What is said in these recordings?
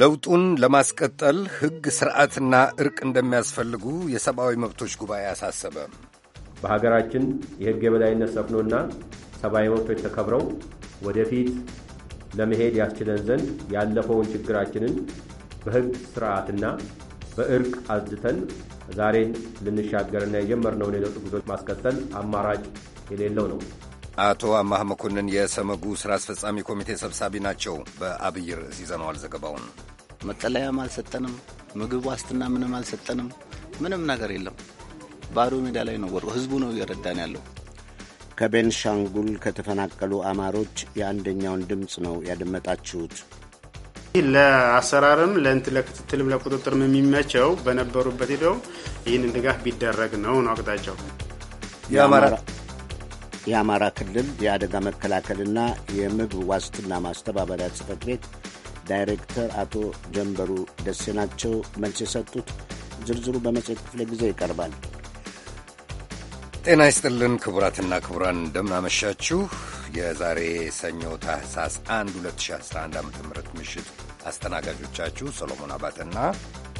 ለውጡን ለማስቀጠል ሕግ፣ ሥርዓትና ዕርቅ እንደሚያስፈልጉ የሰብአዊ መብቶች ጉባኤ አሳሰበ። በሀገራችን የሕግ የበላይነት ሰፍኖና ሰብአዊ መብቶች ተከብረው ወደፊት ለመሄድ ያስችለን ዘንድ ያለፈውን ችግራችንን በሕግ ሥርዓትና በእርቅ አዝተን ዛሬን ልንሻገርና የጀመርነውን የለውጥ ጉዞ ማስቀጠል አማራጭ የሌለው ነው። አቶ አማህ መኮንን የሰመጉ ሥራ አስፈጻሚ ኮሚቴ ሰብሳቢ ናቸው። በአብይ ርዕስ ይዘነዋል ዘገባውን። መጠለያም አልሰጠንም፣ ምግብ ዋስትና ምንም አልሰጠንም። ምንም ነገር የለም። ባዶ ሜዳ ላይ ነው ወሩ። ህዝቡ ነው እየረዳን ያለው። ከቤንሻንጉል ከተፈናቀሉ አማሮች የአንደኛውን ድምፅ ነው ያደመጣችሁት። ለአሰራርም ለንት ለክትትልም ለቁጥጥርም የሚመቸው በነበሩበት ሄደው ይህንን ድጋፍ ቢደረግ ነው ነው አቅጣጫው። የአማራ ክልል የአደጋ መከላከልና የምግብ ዋስትና ማስተባበሪያ ጽህፈት ቤት ዳይሬክተር አቶ ጀንበሩ ደሴ ናቸው መልስ የሰጡት። ዝርዝሩ በመጽሔት ክፍለ ጊዜ ይቀርባል። ጤና ይስጥልን ክቡራትና ክቡራን እንደምናመሻችሁ። የዛሬ ሰኞ ታህሳስ 1 2011 ዓ ም ምሽት አስተናጋጆቻችሁ ሰሎሞን አባተና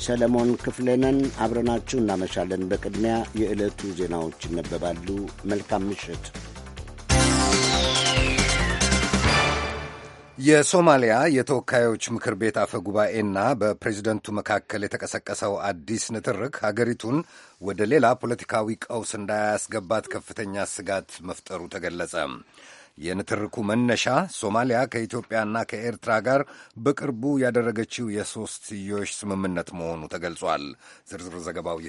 ሰለሞን ክፍሌነን አብረናችሁ እናመሻለን። በቅድሚያ የዕለቱ ዜናዎች ይነበባሉ። መልካም ምሽት። የሶማሊያ የተወካዮች ምክር ቤት አፈ ጉባኤና በፕሬዚደንቱ መካከል የተቀሰቀሰው አዲስ ንትርክ ሀገሪቱን ወደ ሌላ ፖለቲካዊ ቀውስ እንዳያስገባት ከፍተኛ ስጋት መፍጠሩ ተገለጸ። የንትርኩ መነሻ ሶማሊያ ከኢትዮጵያና ከኤርትራ ጋር በቅርቡ ያደረገችው የሶስትዮሽ ስምምነት መሆኑ ተገልጿል። ዝርዝር ዘገባው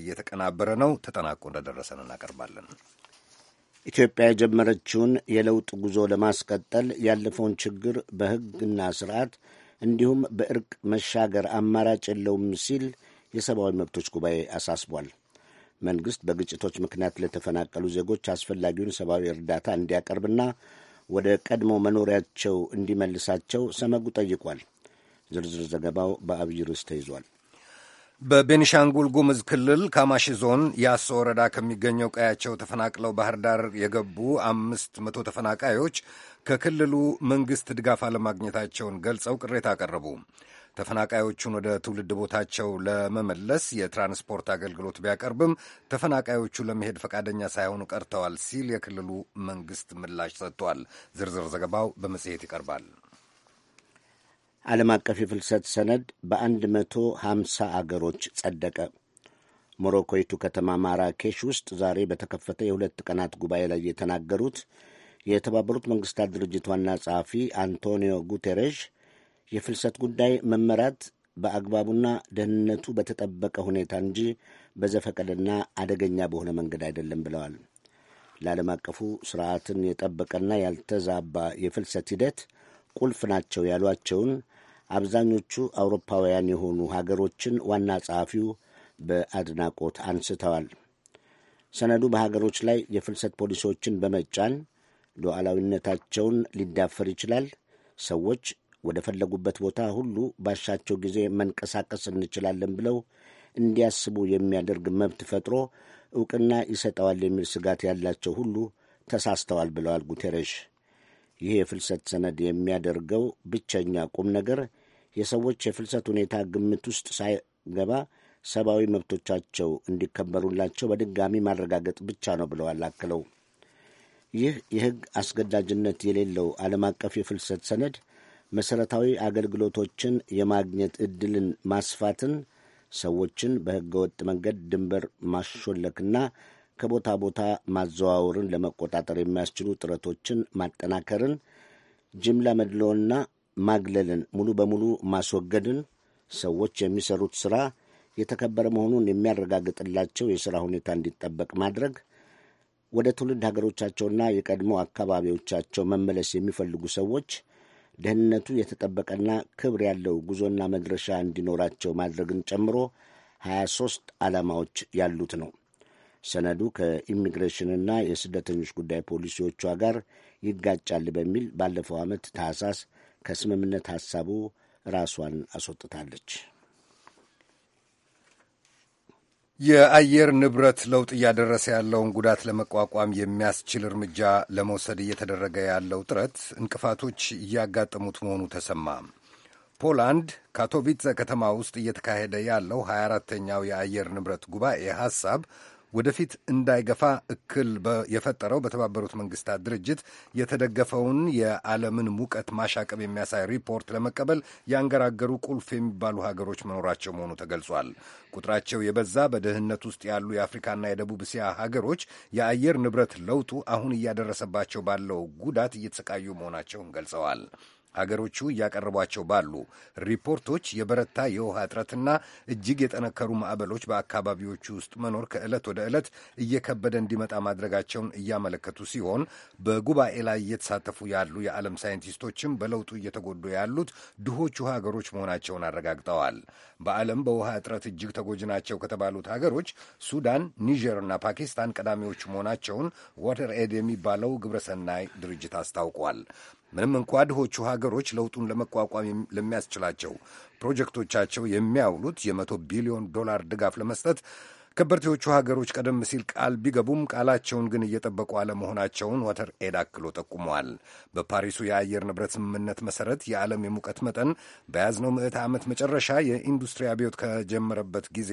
እየተቀናበረ ነው፣ ተጠናቆ እንደደረሰን እናቀርባለን። ኢትዮጵያ የጀመረችውን የለውጥ ጉዞ ለማስቀጠል ያለፈውን ችግር በሕግና ስርዓት እንዲሁም በእርቅ መሻገር አማራጭ የለውም ሲል የሰብአዊ መብቶች ጉባኤ አሳስቧል። መንግሥት በግጭቶች ምክንያት ለተፈናቀሉ ዜጎች አስፈላጊውን ሰብአዊ እርዳታ እንዲያቀርብና ወደ ቀድሞ መኖሪያቸው እንዲመልሳቸው ሰመጉ ጠይቋል። ዝርዝር ዘገባው በአብይ ርዕስ ተይዟል። በቤኒሻንጉል ጉሙዝ ክልል ካማሺ ዞን ያሶ ወረዳ ከሚገኘው ቀያቸው ተፈናቅለው ባህር ዳር የገቡ አምስት መቶ ተፈናቃዮች ከክልሉ መንግሥት ድጋፍ አለማግኘታቸውን ገልጸው ቅሬታ አቀረቡ። ተፈናቃዮቹን ወደ ትውልድ ቦታቸው ለመመለስ የትራንስፖርት አገልግሎት ቢያቀርብም ተፈናቃዮቹ ለመሄድ ፈቃደኛ ሳይሆኑ ቀርተዋል ሲል የክልሉ መንግሥት ምላሽ ሰጥቷል። ዝርዝር ዘገባው በመጽሔት ይቀርባል። ዓለም አቀፍ የፍልሰት ሰነድ በአንድ መቶ ሀምሳ አገሮች ጸደቀ። ሞሮኮይቱ ከተማ ማራኬሽ ውስጥ ዛሬ በተከፈተ የሁለት ቀናት ጉባኤ ላይ የተናገሩት የተባበሩት መንግስታት ድርጅት ዋና ጸሐፊ አንቶኒዮ ጉቴሬሽ የፍልሰት ጉዳይ መመራት በአግባቡና ደህንነቱ በተጠበቀ ሁኔታ እንጂ በዘፈቀደና አደገኛ በሆነ መንገድ አይደለም ብለዋል። ለዓለም አቀፉ ስርዓትን የጠበቀና ያልተዛባ የፍልሰት ሂደት ቁልፍ ናቸው ያሏቸውን አብዛኞቹ አውሮፓውያን የሆኑ ሀገሮችን ዋና ጸሐፊው በአድናቆት አንስተዋል። ሰነዱ በሀገሮች ላይ የፍልሰት ፖሊሲዎችን በመጫን ሉዓላዊነታቸውን ሊዳፈር ይችላል። ሰዎች ወደ ፈለጉበት ቦታ ሁሉ ባሻቸው ጊዜ መንቀሳቀስ እንችላለን ብለው እንዲያስቡ የሚያደርግ መብት ፈጥሮ እውቅና ይሰጠዋል የሚል ስጋት ያላቸው ሁሉ ተሳስተዋል ብለዋል ጉቴሬሽ። ይህ የፍልሰት ሰነድ የሚያደርገው ብቸኛ ቁም ነገር የሰዎች የፍልሰት ሁኔታ ግምት ውስጥ ሳይገባ ሰብአዊ መብቶቻቸው እንዲከበሩላቸው በድጋሚ ማረጋገጥ ብቻ ነው ብለዋል። አክለው ይህ የሕግ አስገዳጅነት የሌለው ዓለም አቀፍ የፍልሰት ሰነድ መሠረታዊ አገልግሎቶችን የማግኘት ዕድልን ማስፋትን፣ ሰዎችን በሕገ ወጥ መንገድ ድንበር ማሾለክና ከቦታ ቦታ ማዘዋወርን ለመቆጣጠር የሚያስችሉ ጥረቶችን ማጠናከርን፣ ጅምላ መድሎና ማግለልን ሙሉ በሙሉ ማስወገድን፣ ሰዎች የሚሰሩት ሥራ የተከበረ መሆኑን የሚያረጋግጥላቸው የሥራ ሁኔታ እንዲጠበቅ ማድረግ፣ ወደ ትውልድ ሀገሮቻቸውና የቀድሞ አካባቢዎቻቸው መመለስ የሚፈልጉ ሰዎች ደህንነቱ የተጠበቀና ክብር ያለው ጉዞና መድረሻ እንዲኖራቸው ማድረግን ጨምሮ 23 ዓላማዎች ያሉት ነው። ሰነዱ ከኢሚግሬሽንና የስደተኞች ጉዳይ ፖሊሲዎቿ ጋር ይጋጫል በሚል ባለፈው ዓመት ታህሳስ ከስምምነት ሐሳቡ ራሷን አስወጥታለች። የአየር ንብረት ለውጥ እያደረሰ ያለውን ጉዳት ለመቋቋም የሚያስችል እርምጃ ለመውሰድ እየተደረገ ያለው ጥረት እንቅፋቶች እያጋጠሙት መሆኑ ተሰማ። ፖላንድ ካቶቪትዘ ከተማ ውስጥ እየተካሄደ ያለው 24ተኛው የአየር ንብረት ጉባኤ ሐሳብ ወደፊት እንዳይገፋ እክል የፈጠረው በተባበሩት መንግስታት ድርጅት የተደገፈውን የዓለምን ሙቀት ማሻቀብ የሚያሳይ ሪፖርት ለመቀበል ያንገራገሩ ቁልፍ የሚባሉ ሀገሮች መኖራቸው መሆኑ ተገልጿል። ቁጥራቸው የበዛ በድህነት ውስጥ ያሉ የአፍሪካና የደቡብ እስያ ሀገሮች የአየር ንብረት ለውጡ አሁን እያደረሰባቸው ባለው ጉዳት እየተሰቃዩ መሆናቸውን ገልጸዋል። አገሮቹ እያቀረቧቸው ባሉ ሪፖርቶች የበረታ የውሃ እጥረትና እጅግ የጠነከሩ ማዕበሎች በአካባቢዎቹ ውስጥ መኖር ከዕለት ወደ ዕለት እየከበደ እንዲመጣ ማድረጋቸውን እያመለከቱ ሲሆን በጉባኤ ላይ እየተሳተፉ ያሉ የዓለም ሳይንቲስቶችም በለውጡ እየተጎዱ ያሉት ድሆቹ ሀገሮች መሆናቸውን አረጋግጠዋል። በዓለም በውሃ እጥረት እጅግ ተጎጂ ናቸው ከተባሉት ሀገሮች ሱዳን፣ ኒጀርና ፓኪስታን ቀዳሚዎቹ መሆናቸውን ዋተር ኤድ የሚባለው ግብረሰናይ ድርጅት አስታውቋል። ምንም እንኳ ድሆቹ ሀገሮች ለውጡን ለመቋቋም ለሚያስችላቸው ፕሮጀክቶቻቸው የሚያውሉት የመቶ ቢሊዮን ዶላር ድጋፍ ለመስጠት ከበርቴዎቹ ሀገሮች ቀደም ሲል ቃል ቢገቡም ቃላቸውን ግን እየጠበቁ አለመሆናቸውን ወተር ኤድ አክሎ ጠቁመዋል። በፓሪሱ የአየር ንብረት ስምምነት መሰረት የዓለም የሙቀት መጠን በያዝነው ምዕተ ዓመት መጨረሻ የኢንዱስትሪ አብዮት ከጀመረበት ጊዜ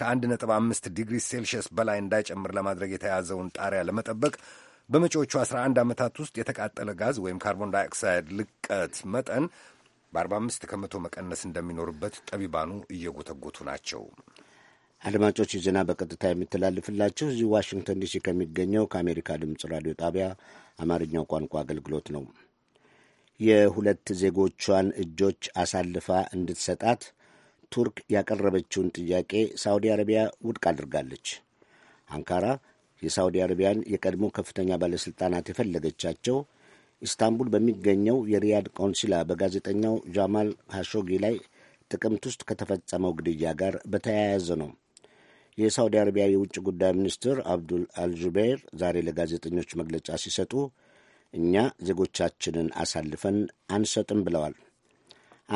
ከ1.5 ዲግሪ ሴልሺየስ በላይ እንዳይጨምር ለማድረግ የተያዘውን ጣሪያ ለመጠበቅ በመጪዎቹ 11 ዓመታት ውስጥ የተቃጠለ ጋዝ ወይም ካርቦን ዳይኦክሳይድ ልቀት መጠን በ45 ከመቶ መቀነስ እንደሚኖርበት ጠቢባኑ እየጎተጎቱ ናቸው። አድማጮች ዜና በቀጥታ የሚተላልፍላችሁ እዚህ ዋሽንግተን ዲሲ ከሚገኘው ከአሜሪካ ድምፅ ራዲዮ ጣቢያ አማርኛው ቋንቋ አገልግሎት ነው። የሁለት ዜጎቿን እጆች አሳልፋ እንድትሰጣት ቱርክ ያቀረበችውን ጥያቄ ሳውዲ አረቢያ ውድቅ አድርጋለች። አንካራ የሳውዲ አረቢያን የቀድሞ ከፍተኛ ባለሥልጣናት የፈለገቻቸው ኢስታንቡል በሚገኘው የሪያድ ቆንሲላ በጋዜጠኛው ጃማል ካሾጊ ላይ ጥቅምት ውስጥ ከተፈጸመው ግድያ ጋር በተያያዘ ነው። የሳውዲ አረቢያ የውጭ ጉዳይ ሚኒስትር አብዱል አልጁቤር ዛሬ ለጋዜጠኞች መግለጫ ሲሰጡ እኛ ዜጎቻችንን አሳልፈን አንሰጥም ብለዋል።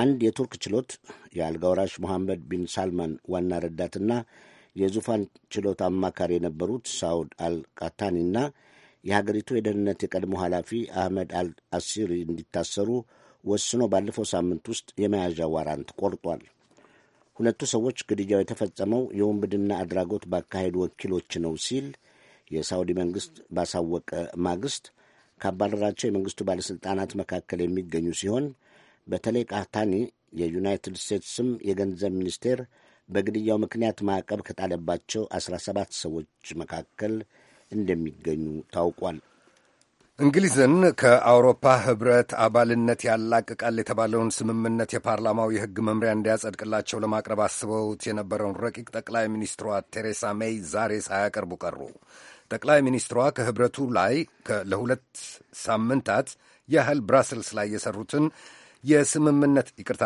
አንድ የቱርክ ችሎት የአልጋ ወራሽ ሞሐመድ ቢን ሳልማን ዋና ረዳትና የዙፋን ችሎት አማካሪ የነበሩት ሳውድ አልቃታኒና የሀገሪቱ የደህንነት የቀድሞ ኃላፊ አህመድ አልአሲሪ እንዲታሰሩ ወስኖ ባለፈው ሳምንት ውስጥ የመያዣ ዋራንት ቆርጧል። ሁለቱ ሰዎች ግድያው የተፈጸመው የወንብድና አድራጎት ባካሄዱ ወኪሎች ነው ሲል የሳውዲ መንግስት ባሳወቀ ማግስት ካባረራቸው የመንግስቱ ባለሥልጣናት መካከል የሚገኙ ሲሆን በተለይ ቃታኒ የዩናይትድ ስቴትስም የገንዘብ ሚኒስቴር በግድያው ምክንያት ማዕቀብ ከጣለባቸው 17 ሰዎች መካከል እንደሚገኙ ታውቋል። እንግሊዝን ከአውሮፓ ህብረት አባልነት ያላቅቃል የተባለውን ስምምነት የፓርላማው የህግ መምሪያ እንዲያጸድቅላቸው ለማቅረብ አስበውት የነበረውን ረቂቅ ጠቅላይ ሚኒስትሯ ቴሬሳ ሜይ ዛሬ ሳያቀርቡ ቀሩ። ጠቅላይ ሚኒስትሯ ከህብረቱ ላይ ለሁለት ሳምንታት ያህል ብራስልስ ላይ የሰሩትን የስምምነት ይቅርታ፣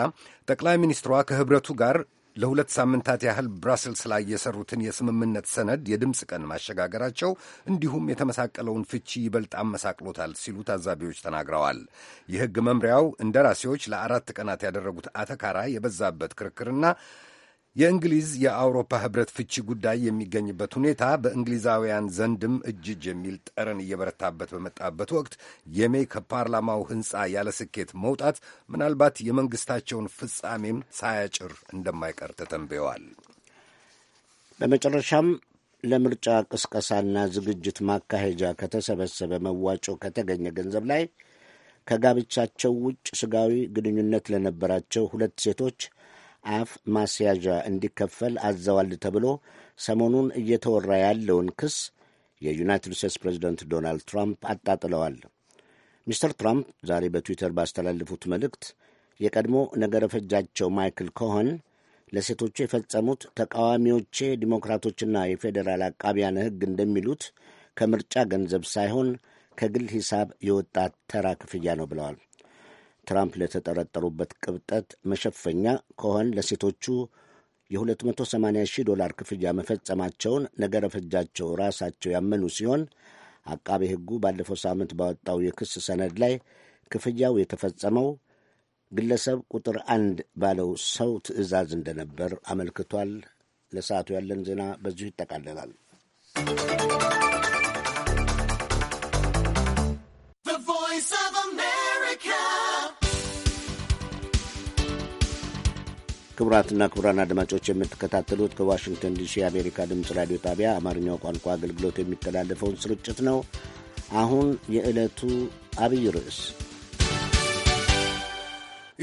ጠቅላይ ሚኒስትሯ ከህብረቱ ጋር ለሁለት ሳምንታት ያህል ብራስልስ ላይ የሰሩትን የስምምነት ሰነድ የድምፅ ቀን ማሸጋገራቸው እንዲሁም የተመሳቀለውን ፍቺ ይበልጥ አመሳቅሎታል ሲሉ ታዛቢዎች ተናግረዋል። የሕግ መምሪያው እንደራሴዎች ለአራት ቀናት ያደረጉት አተካራ የበዛበት ክርክርና የእንግሊዝ የአውሮፓ ህብረት ፍቺ ጉዳይ የሚገኝበት ሁኔታ በእንግሊዛውያን ዘንድም እጅ እጅ የሚል ጠረን እየበረታበት በመጣበት ወቅት የሜይ ከፓርላማው ህንፃ ያለ ስኬት መውጣት ምናልባት የመንግስታቸውን ፍጻሜም ሳያጭር እንደማይቀር ተተንብየዋል። በመጨረሻም ለምርጫ ቅስቀሳና ዝግጅት ማካሄጃ ከተሰበሰበ መዋጮ ከተገኘ ገንዘብ ላይ ከጋብቻቸው ውጭ ስጋዊ ግንኙነት ለነበራቸው ሁለት ሴቶች አፍ ማስያዣ እንዲከፈል አዘዋል ተብሎ ሰሞኑን እየተወራ ያለውን ክስ የዩናይትድ ስቴትስ ፕሬዚደንት ዶናልድ ትራምፕ አጣጥለዋል። ሚስተር ትራምፕ ዛሬ በትዊተር ባስተላለፉት መልእክት የቀድሞ ነገረ ፈጃቸው ማይክል ኮሆን ለሴቶቹ የፈጸሙት ተቃዋሚዎቼ ዲሞክራቶችና የፌዴራል አቃቢያን ሕግ እንደሚሉት ከምርጫ ገንዘብ ሳይሆን ከግል ሂሳብ የወጣት ተራ ክፍያ ነው ብለዋል። ትራምፕ ለተጠረጠሩበት ቅብጠት መሸፈኛ ከሆን ለሴቶቹ የ280 ሺህ ዶላር ክፍያ መፈጸማቸውን ነገረ ፈጃቸው ራሳቸው ያመኑ ሲሆን አቃቤ ሕጉ ባለፈው ሳምንት ባወጣው የክስ ሰነድ ላይ ክፍያው የተፈጸመው ግለሰብ ቁጥር አንድ ባለው ሰው ትዕዛዝ እንደነበር አመልክቷል። ለሰዓቱ ያለን ዜና በዚሁ ይጠቃለላል። ክቡራትና ክቡራን አድማጮች የምትከታተሉት ከዋሽንግተን ዲሲ የአሜሪካ ድምፅ ራዲዮ ጣቢያ አማርኛው ቋንቋ አገልግሎት የሚተላለፈውን ስርጭት ነው። አሁን የዕለቱ አብይ ርዕስ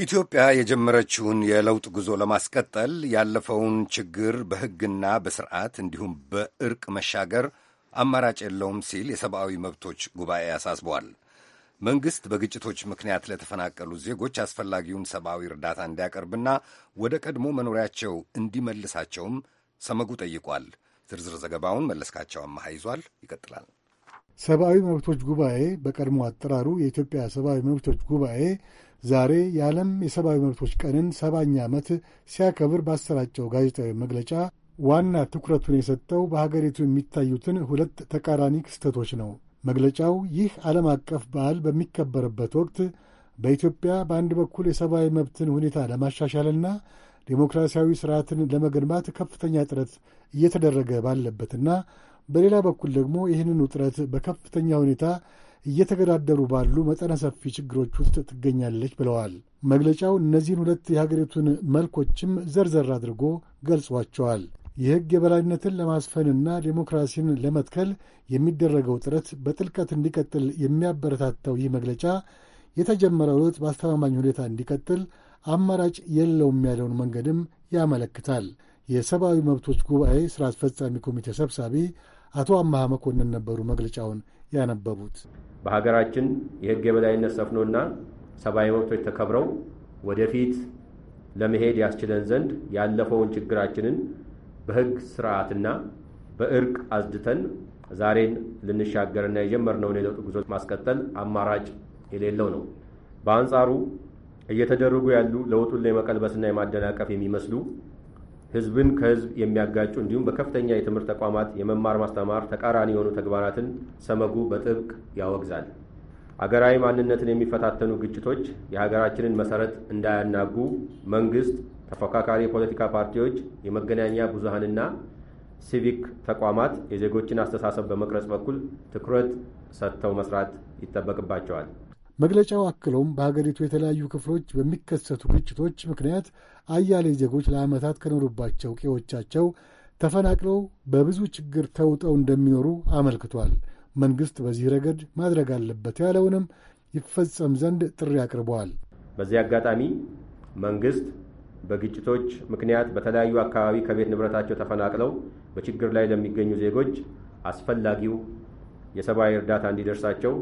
ኢትዮጵያ የጀመረችውን የለውጥ ጉዞ ለማስቀጠል ያለፈውን ችግር በሕግና በስርዓት እንዲሁም በእርቅ መሻገር አማራጭ የለውም ሲል የሰብአዊ መብቶች ጉባኤ አሳስበዋል። መንግሥት በግጭቶች ምክንያት ለተፈናቀሉ ዜጎች አስፈላጊውን ሰብአዊ እርዳታ እንዲያቀርብና ወደ ቀድሞ መኖሪያቸው እንዲመልሳቸውም ሰመጉ ጠይቋል። ዝርዝር ዘገባውን መለስካቸው አመሃ ይዟል። ይቀጥላል። ሰብአዊ መብቶች ጉባኤ በቀድሞ አጠራሩ የኢትዮጵያ ሰብአዊ መብቶች ጉባኤ ዛሬ የዓለም የሰብአዊ መብቶች ቀንን ሰባኛ ዓመት ሲያከብር ባሰራጨው ጋዜጣዊ መግለጫ ዋና ትኩረቱን የሰጠው በሀገሪቱ የሚታዩትን ሁለት ተቃራኒ ክስተቶች ነው። መግለጫው ይህ ዓለም አቀፍ በዓል በሚከበርበት ወቅት በኢትዮጵያ በአንድ በኩል የሰብአዊ መብትን ሁኔታ ለማሻሻልና ዴሞክራሲያዊ ስርዓትን ለመገንባት ከፍተኛ ጥረት እየተደረገ ባለበትና በሌላ በኩል ደግሞ ይህንን ውጥረት በከፍተኛ ሁኔታ እየተገዳደሩ ባሉ መጠነ ሰፊ ችግሮች ውስጥ ትገኛለች ብለዋል። መግለጫው እነዚህን ሁለት የሀገሪቱን መልኮችም ዘርዘር አድርጎ ገልጿቸዋል። የሕግ የበላይነትን ለማስፈንና ዴሞክራሲን ለመትከል የሚደረገው ጥረት በጥልቀት እንዲቀጥል የሚያበረታተው ይህ መግለጫ የተጀመረው ለውጥ በአስተማማኝ ሁኔታ እንዲቀጥል አማራጭ የለውም ያለውን መንገድም ያመለክታል። የሰብአዊ መብቶች ጉባኤ ሥራ አስፈጻሚ ኮሚቴ ሰብሳቢ አቶ አማሃ መኮንን ነበሩ መግለጫውን ያነበቡት። በሀገራችን የሕግ የበላይነት ሰፍኖና ሰብአዊ መብቶች ተከብረው ወደፊት ለመሄድ ያስችለን ዘንድ ያለፈውን ችግራችንን በህግ ስርዓትና በእርቅ አዝድተን ዛሬን ልንሻገርና የጀመርነውን የለውጥ ጉዞ ማስቀጠል አማራጭ የሌለው ነው። በአንጻሩ እየተደረጉ ያሉ ለውጡን የመቀልበስና የማደናቀፍ የሚመስሉ ህዝብን ከህዝብ የሚያጋጩ እንዲሁም በከፍተኛ የትምህርት ተቋማት የመማር ማስተማር ተቃራኒ የሆኑ ተግባራትን ሰመጉ በጥብቅ ያወግዛል። አገራዊ ማንነትን የሚፈታተኑ ግጭቶች የሀገራችንን መሰረት እንዳያናጉ መንግስት ተፎካካሪ የፖለቲካ ፓርቲዎች፣ የመገናኛ ብዙሃንና ሲቪክ ተቋማት የዜጎችን አስተሳሰብ በመቅረጽ በኩል ትኩረት ሰጥተው መስራት ይጠበቅባቸዋል። መግለጫው አክሎም በሀገሪቱ የተለያዩ ክፍሎች በሚከሰቱ ግጭቶች ምክንያት አያሌ ዜጎች ለዓመታት ከኖሩባቸው ቄዎቻቸው ተፈናቅለው በብዙ ችግር ተውጠው እንደሚኖሩ አመልክቷል። መንግሥት በዚህ ረገድ ማድረግ አለበት ያለውንም ይፈጸም ዘንድ ጥሪ አቅርበዋል። በዚህ አጋጣሚ መንግሥት በግጭቶች ምክንያት በተለያዩ አካባቢ ከቤት ንብረታቸው ተፈናቅለው በችግር ላይ ለሚገኙ ዜጎች አስፈላጊው የሰብአዊ እርዳታ እንዲደርሳቸው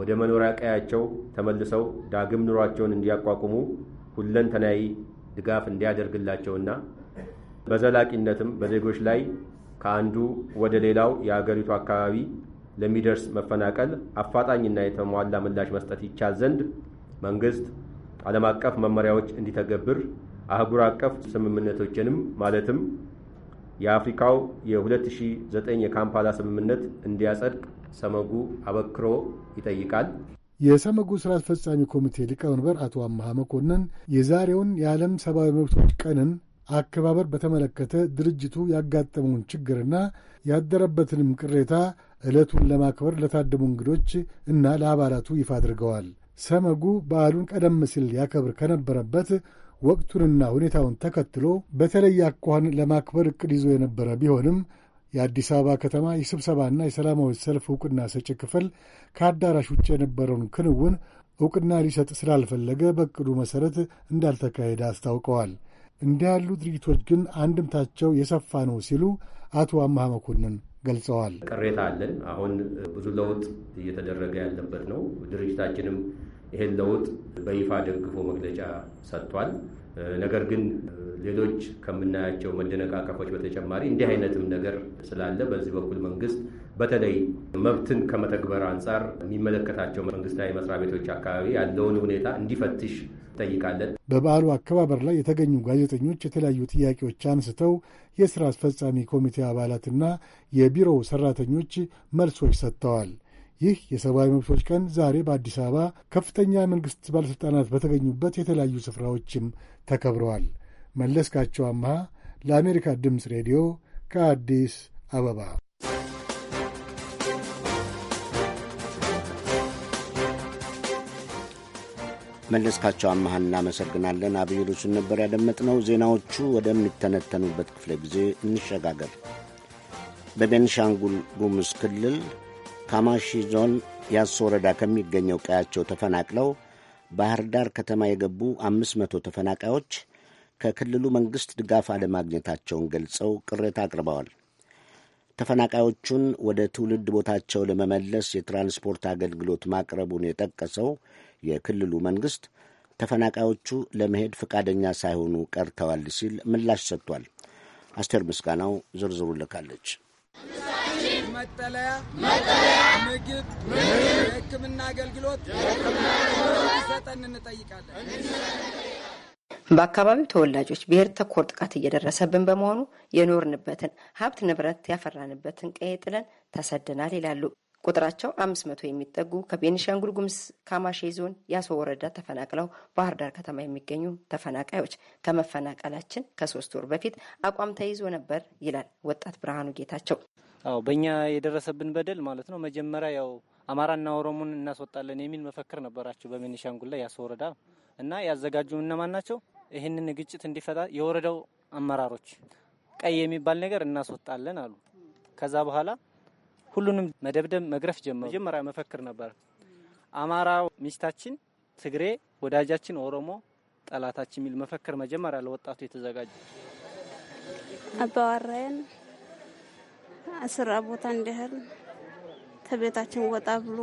ወደ መኖሪያ ቀያቸው ተመልሰው ዳግም ኑሯቸውን እንዲያቋቁሙ ሁለንተናዊ ድጋፍ እንዲያደርግላቸውና በዘላቂነትም በዜጎች ላይ ከአንዱ ወደ ሌላው የአገሪቱ አካባቢ ለሚደርስ መፈናቀል አፋጣኝና የተሟላ ምላሽ መስጠት ይቻል ዘንድ መንግስት ዓለም አቀፍ መመሪያዎች እንዲተገብር አህጉር አቀፍ ስምምነቶችንም ማለትም የአፍሪካው የ2009 የካምፓላ ስምምነት እንዲያጸድቅ ሰመጉ አበክሮ ይጠይቃል። የሰመጉ ሥራ አስፈጻሚ ኮሚቴ ሊቀመንበር አቶ አመሃ መኮንን የዛሬውን የዓለም ሰብአዊ መብቶች ቀንን አከባበር በተመለከተ ድርጅቱ ያጋጠመውን ችግርና ያደረበትንም ቅሬታ ዕለቱን ለማክበር ለታደሙ እንግዶች እና ለአባላቱ ይፋ አድርገዋል። ሰመጉ በዓሉን ቀደም ሲል ያከብር ከነበረበት ወቅቱንና ሁኔታውን ተከትሎ በተለይ አኳን ለማክበር እቅድ ይዞ የነበረ ቢሆንም የአዲስ አበባ ከተማ የስብሰባና የሰላማዊ ሰልፍ እውቅና ሰጪ ክፍል ከአዳራሽ ውጭ የነበረውን ክንውን እውቅና ሊሰጥ ስላልፈለገ በእቅዱ መሠረት እንዳልተካሄደ አስታውቀዋል። እንዲህ ያሉ ድርጊቶች ግን አንድምታቸው የሰፋ ነው ሲሉ አቶ አምሃ መኮንን ገልጸዋል። ቅሬታ አለን። አሁን ብዙ ለውጥ እየተደረገ ያለበት ነው። ድርጅታችንም ይሄን ለውጥ በይፋ ደግፎ መግለጫ ሰጥቷል። ነገር ግን ሌሎች ከምናያቸው መደነቃቀፎች በተጨማሪ እንዲህ አይነትም ነገር ስላለ በዚህ በኩል መንግስት በተለይ መብትን ከመተግበር አንጻር የሚመለከታቸው መንግስታዊ መስሪያ ቤቶች አካባቢ ያለውን ሁኔታ እንዲፈትሽ ጠይቃለን። በበዓሉ አከባበር ላይ የተገኙ ጋዜጠኞች የተለያዩ ጥያቄዎች አንስተው የስራ አስፈጻሚ ኮሚቴ አባላትና የቢሮው ሰራተኞች መልሶች ሰጥተዋል። ይህ የሰብአዊ መብቶች ቀን ዛሬ በአዲስ አበባ ከፍተኛ መንግሥት ባለሥልጣናት በተገኙበት የተለያዩ ስፍራዎችም ተከብረዋል። መለስካቸው አምሃ ለአሜሪካ ድምፅ ሬዲዮ ከአዲስ አበባ። መለስካቸው አምሃ እናመሰግናለን። አብይ ርዕሱን ነበር ያደመጥነው። ዜናዎቹ ወደሚተነተኑበት ክፍለ ጊዜ እንሸጋገር። በቤንሻንጉል ጉሙዝ ክልል ካማሺ ዞን ያሶ ወረዳ ከሚገኘው ቀያቸው ተፈናቅለው ባህር ዳር ከተማ የገቡ አምስት መቶ ተፈናቃዮች ከክልሉ መንግሥት ድጋፍ አለማግኘታቸውን ገልጸው ቅሬታ አቅርበዋል። ተፈናቃዮቹን ወደ ትውልድ ቦታቸው ለመመለስ የትራንስፖርት አገልግሎት ማቅረቡን የጠቀሰው የክልሉ መንግሥት ተፈናቃዮቹ ለመሄድ ፈቃደኛ ሳይሆኑ ቀርተዋል ሲል ምላሽ ሰጥቷል። አስቴር ምስጋናው ዝርዝሩ ልካለች። መጠለያ፣ ምግብ፣ የሕክምና አገልግሎት እንዲሰጠን እንጠይቃለን። በአካባቢው ተወላጆች ብሔር ተኮር ጥቃት እየደረሰብን በመሆኑ የኖርንበትን ሀብት ንብረት ያፈራንበትን ቀየ ጥለን ተሰድናል ይላሉ። ቁጥራቸው አምስት መቶ የሚጠጉ ከቤኒሻንጉል ጉምዝ ካማሼ ዞን ያሶ ወረዳ ተፈናቅለው ባህር ዳር ከተማ የሚገኙ ተፈናቃዮች ከመፈናቀላችን ከሶስት ወር በፊት አቋም ተይዞ ነበር ይላል ወጣት ብርሃኑ ጌታቸው። አዎ በእኛ የደረሰብን በደል ማለት ነው። መጀመሪያ ያው አማራና ኦሮሞን እናስወጣለን የሚል መፈክር ነበራቸው በቤኒሻንጉል ላይ ያስወረዳ እና ያዘጋጁ እነማን ናቸው? ይህንን ግጭት እንዲፈታ የወረዳው አመራሮች ቀይ የሚባል ነገር እናስወጣለን አሉ። ከዛ በኋላ ሁሉንም መደብደብ፣ መግረፍ ጀመሩ። መጀመሪያ መፈክር ነበር አማራ ሚስታችን፣ ትግሬ ወዳጃችን፣ ኦሮሞ ጠላታችን የሚል መፈክር መጀመሪያ ለወጣቱ የተዘጋጀ አባዋራየን ስራ ቦታ እንዲህል ከቤታችን ወጣ ብሎ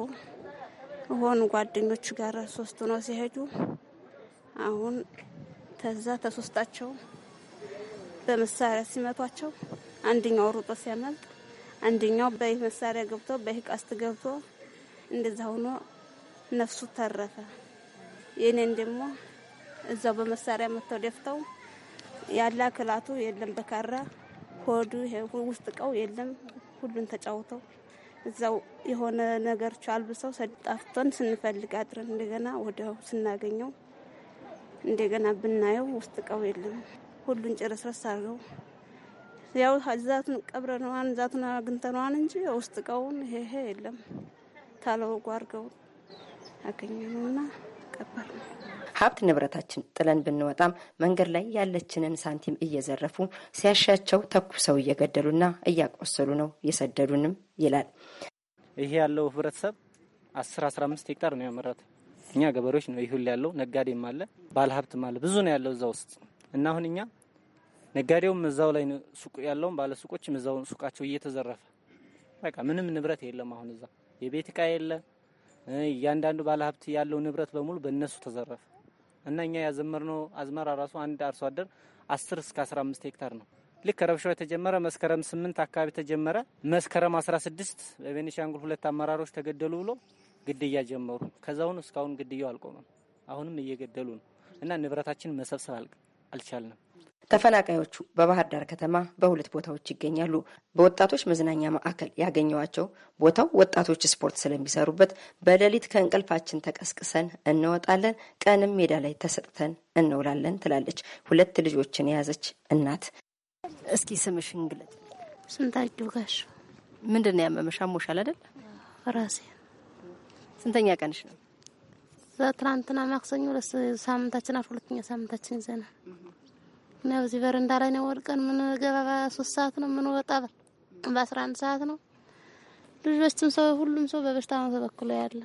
ከሆኑ ጓደኞች ጋር ሶስቱ ነው ሲሄዱ አሁን ተዛ ተሶስታቸው በመሳሪያ ሲመቷቸው አንደኛው ሩጦ ሲያመልጥ አንደኛው በይህ መሳሪያ ገብቶ በይህ ቀስት ገብቶ እንደዛ ሆኖ ነፍሱ ተረፈ። የኔን ደግሞ እዛው በመሳሪያ መጥተው ደፍተው ያለ አክላቱ የለም በካራ ሆዱ ውስጥ እቃው የለም። ሁሉን ተጫውተው እዛው የሆነ ነገር አልብሰው ሰጣፍተን ስንፈልግ አድረን እንደገና ወዲያው ስናገኘው እንደገና ብናየው ውስጥ እቃው የለም። ሁሉን ጭረስረስ አርገው ያው ዛቱን ቀብረነዋን ዛቱን አግኝተነዋን እንጂ ውስጥ እቃውን ይሄ የለም ታለው አድርገው አገኘነውና ይገባል። ሀብት ንብረታችን ጥለን ብንወጣም መንገድ ላይ ያለችንን ሳንቲም እየዘረፉ ሲያሻቸው ተኩሰው እየገደሉና እያቆሰሉ ነው የሰደዱንም ይላል። ይሄ ያለው ህብረተሰብ አስር አስራ አምስት ሄክታር ነው ያመረተ። እኛ ገበሬዎች ነው ይሁል ያለው ነጋዴም አለ ባለሀብትም አለ ብዙ ነው ያለው እዛ ውስጥ እና አሁን እኛ ነጋዴውም እዛው ላይ ሱቅ ያለውም ባለ ሱቆችም እዛው ሱቃቸው እየተዘረፈ በቃ ምንም ንብረት የለም። አሁን እዛ የቤት እቃ የለ እያንዳንዱ ባለሀብት ያለው ንብረት በሙሉ በእነሱ ተዘረፈ እና እኛ ያዘመርነው አዝመራ ራሱ አንድ አርሶ አደር 10 እስከ 15 ሄክታር ነው። ልክ ረብሻው የተጀመረ መስከረም 8 አካባቢ ተጀመረ። መስከረም 16 በቤኒሻንጉል ሁለት አመራሮች ተገደሉ ብሎ ግድያ ጀመሩ። ከዛውን እስካሁን ግድያው አልቆመም። አሁንም እየገደሉ ነው እና ንብረታችን መሰብሰብ አልቻልንም። ተፈናቃዮቹ በባህር ዳር ከተማ በሁለት ቦታዎች ይገኛሉ። በወጣቶች መዝናኛ ማዕከል ያገኘዋቸው ቦታው ወጣቶች ስፖርት ስለሚሰሩበት በሌሊት ከእንቅልፋችን ተቀስቅሰን እንወጣለን፣ ቀንም ሜዳ ላይ ተሰጥተን እንውላለን ትላለች ሁለት ልጆችን የያዘች እናት። እስኪ ስምሽን ግለጽ። ስንታዩ ጋሽ። ምንድን ነው ያመመሽ? አሞሻል አይደል? ራሴ። ስንተኛ ቀንሽ ነው? ትናንትና ማክሰኞ ሳምንታችን አፍ ሁለተኛ ሳምንታችን ይዘናል ነው እዚህ በረንዳ ላይ ነው ወድቀን ምን ገባ። በሶስት ሰዓት ነው ምን ወጣ በአስራ አንድ ሰዓት ነው። ልጆችም ሰው ሁሉም ሰው በበሽታ ነው ተበክሎ ያለ።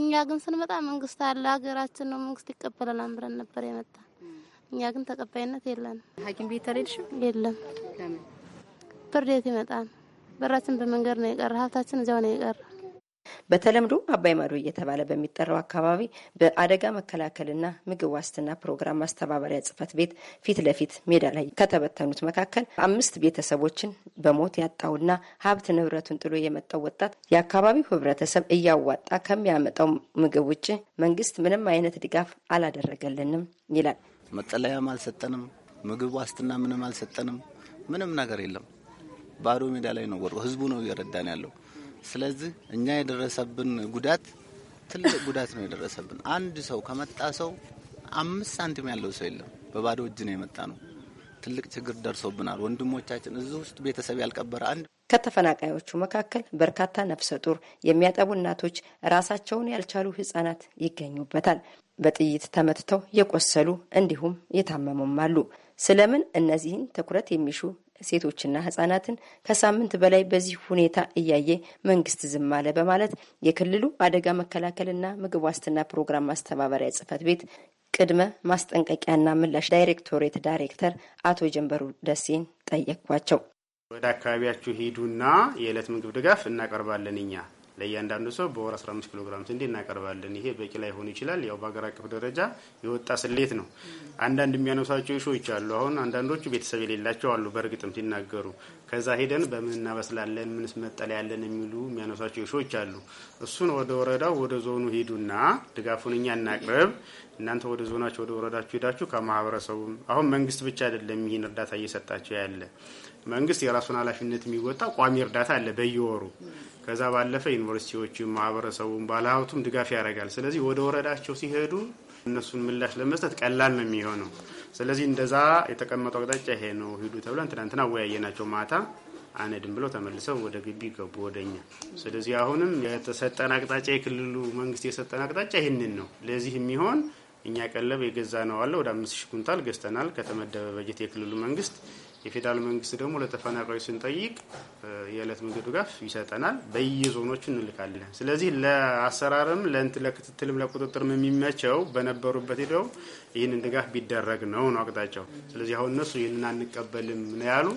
እኛ ግን ስንመጣ መንግስት አለ ሀገራችን ነው መንግስት ይቀበለናል ብለን ነበር የመጣ። እኛ ግን ተቀባይነት የለን። ሐኪም ቤት አልሄድሽም? የለም ፍርድ ይመጣል። በራችን በመንገድ ነው የቀረ ሀብታችን እዚያው ነው የቀረ በተለምዶ አባይ ማዶ እየተባለ በሚጠራው አካባቢ በአደጋ መከላከልና ምግብ ዋስትና ፕሮግራም ማስተባበሪያ ጽህፈት ቤት ፊት ለፊት ሜዳ ላይ ከተበተኑት መካከል አምስት ቤተሰቦችን በሞት ያጣውና ሀብት ንብረቱን ጥሎ የመጣው ወጣት የአካባቢው ህብረተሰብ እያዋጣ ከሚያመጣው ምግብ ውጭ መንግስት ምንም አይነት ድጋፍ አላደረገልንም ይላል። መጠለያም አልሰጠንም፣ ምግብ ዋስትና ምንም አልሰጠንም፣ ምንም ነገር የለም። ባዶ ሜዳ ላይ ነው። ህዝቡ ነው እየረዳን ያለው ስለዚህ እኛ የደረሰብን ጉዳት ትልቅ ጉዳት ነው የደረሰብን። አንድ ሰው ከመጣ ሰው አምስት ሳንቲም ያለው ሰው የለም። በባዶ እጅ ነው የመጣ ነው። ትልቅ ችግር ደርሶብናል። ወንድሞቻችን እዚህ ውስጥ ቤተሰብ ያልቀበረ አንድ ከተፈናቃዮቹ መካከል በርካታ ነፍሰ ጡር የሚያጠቡ እናቶች፣ ራሳቸውን ያልቻሉ ህጻናት ይገኙበታል። በጥይት ተመትተው የቆሰሉ እንዲሁም የታመሙም አሉ። ስለምን እነዚህን ትኩረት የሚሹ ሴቶችና ህጻናትን ከሳምንት በላይ በዚህ ሁኔታ እያየ መንግስት ዝም አለ በማለት የክልሉ አደጋ መከላከልና ምግብ ዋስትና ፕሮግራም ማስተባበሪያ ጽህፈት ቤት ቅድመ ማስጠንቀቂያና ምላሽ ዳይሬክቶሬት ዳይሬክተር አቶ ጀንበሩ ደሴን ጠየቅኳቸው። ወደ አካባቢያችሁ ሂዱና የዕለት ምግብ ድጋፍ እናቀርባለን እኛ ለእያንዳንዱ ሰው በወር 15 ኪሎ ግራም ስንዴ እናቀርባለን። ይሄ በቂ ላይሆን ይችላል። ያው በሀገር አቀፍ ደረጃ የወጣ ስሌት ነው። አንዳንድ የሚያነሳቸው እሾዎች አሉ። አሁን አንዳንዶቹ ቤተሰብ የሌላቸው አሉ፣ በእርግጥም ሲናገሩ። ከዛ ሄደን በምን እናበስላለን፣ ምንስ መጠለያ ያለን የሚሉ የሚያነሳቸው እሾዎች አሉ። እሱን ወደ ወረዳው ወደ ዞኑ ሂዱና ድጋፉን እኛ እናቅርብ እናንተ ወደ ዞናቸው ወደ ወረዳቸው ሄዳችሁ ከማህበረሰቡም አሁን መንግስት ብቻ አይደለም ይህን እርዳታ እየሰጣቸው ያለ መንግስት የራሱን ኃላፊነት የሚወጣ ቋሚ እርዳታ አለ በየወሩ። ከዛ ባለፈ ዩኒቨርሲቲዎችም፣ ማህበረሰቡም፣ ባለሀብቱም ድጋፍ ያደርጋል። ስለዚህ ወደ ወረዳቸው ሲሄዱ እነሱን ምላሽ ለመስጠት ቀላል ነው የሚሆነው። ስለዚህ እንደዛ የተቀመጠው አቅጣጫ ይሄ ነው ሂዱ ተብለን ትናንትና አወያየናቸው ማታ አነድም ብለው ተመልሰው ወደ ግቢ ገቡ ወደኛ። ስለዚህ አሁንም የተሰጠን አቅጣጫ የክልሉ መንግስት የሰጠን አቅጣጫ ይህንን ነው። ለዚህ የሚሆን እኛ ቀለብ የገዛ ነው አለ ወደ አምስት ሺህ ኩንታል ገዝተናል ከተመደበ በጀት የክልሉ መንግስት የፌዴራል መንግስት ደግሞ ለተፈናቃዮች ስንጠይቅ የዕለት ምግብ ድጋፍ ይሰጠናል። በየዞኖቹ እንልካለን። ስለዚህ ለአሰራርም ለንት ለክትትልም ለቁጥጥርም የሚመቸው በነበሩበት ሄደው ይህንን ድጋፍ ቢደረግ ነው ነው አቅጣጫው። ስለዚህ አሁን እነሱ ይህንን አንቀበልም ነው ያሉ።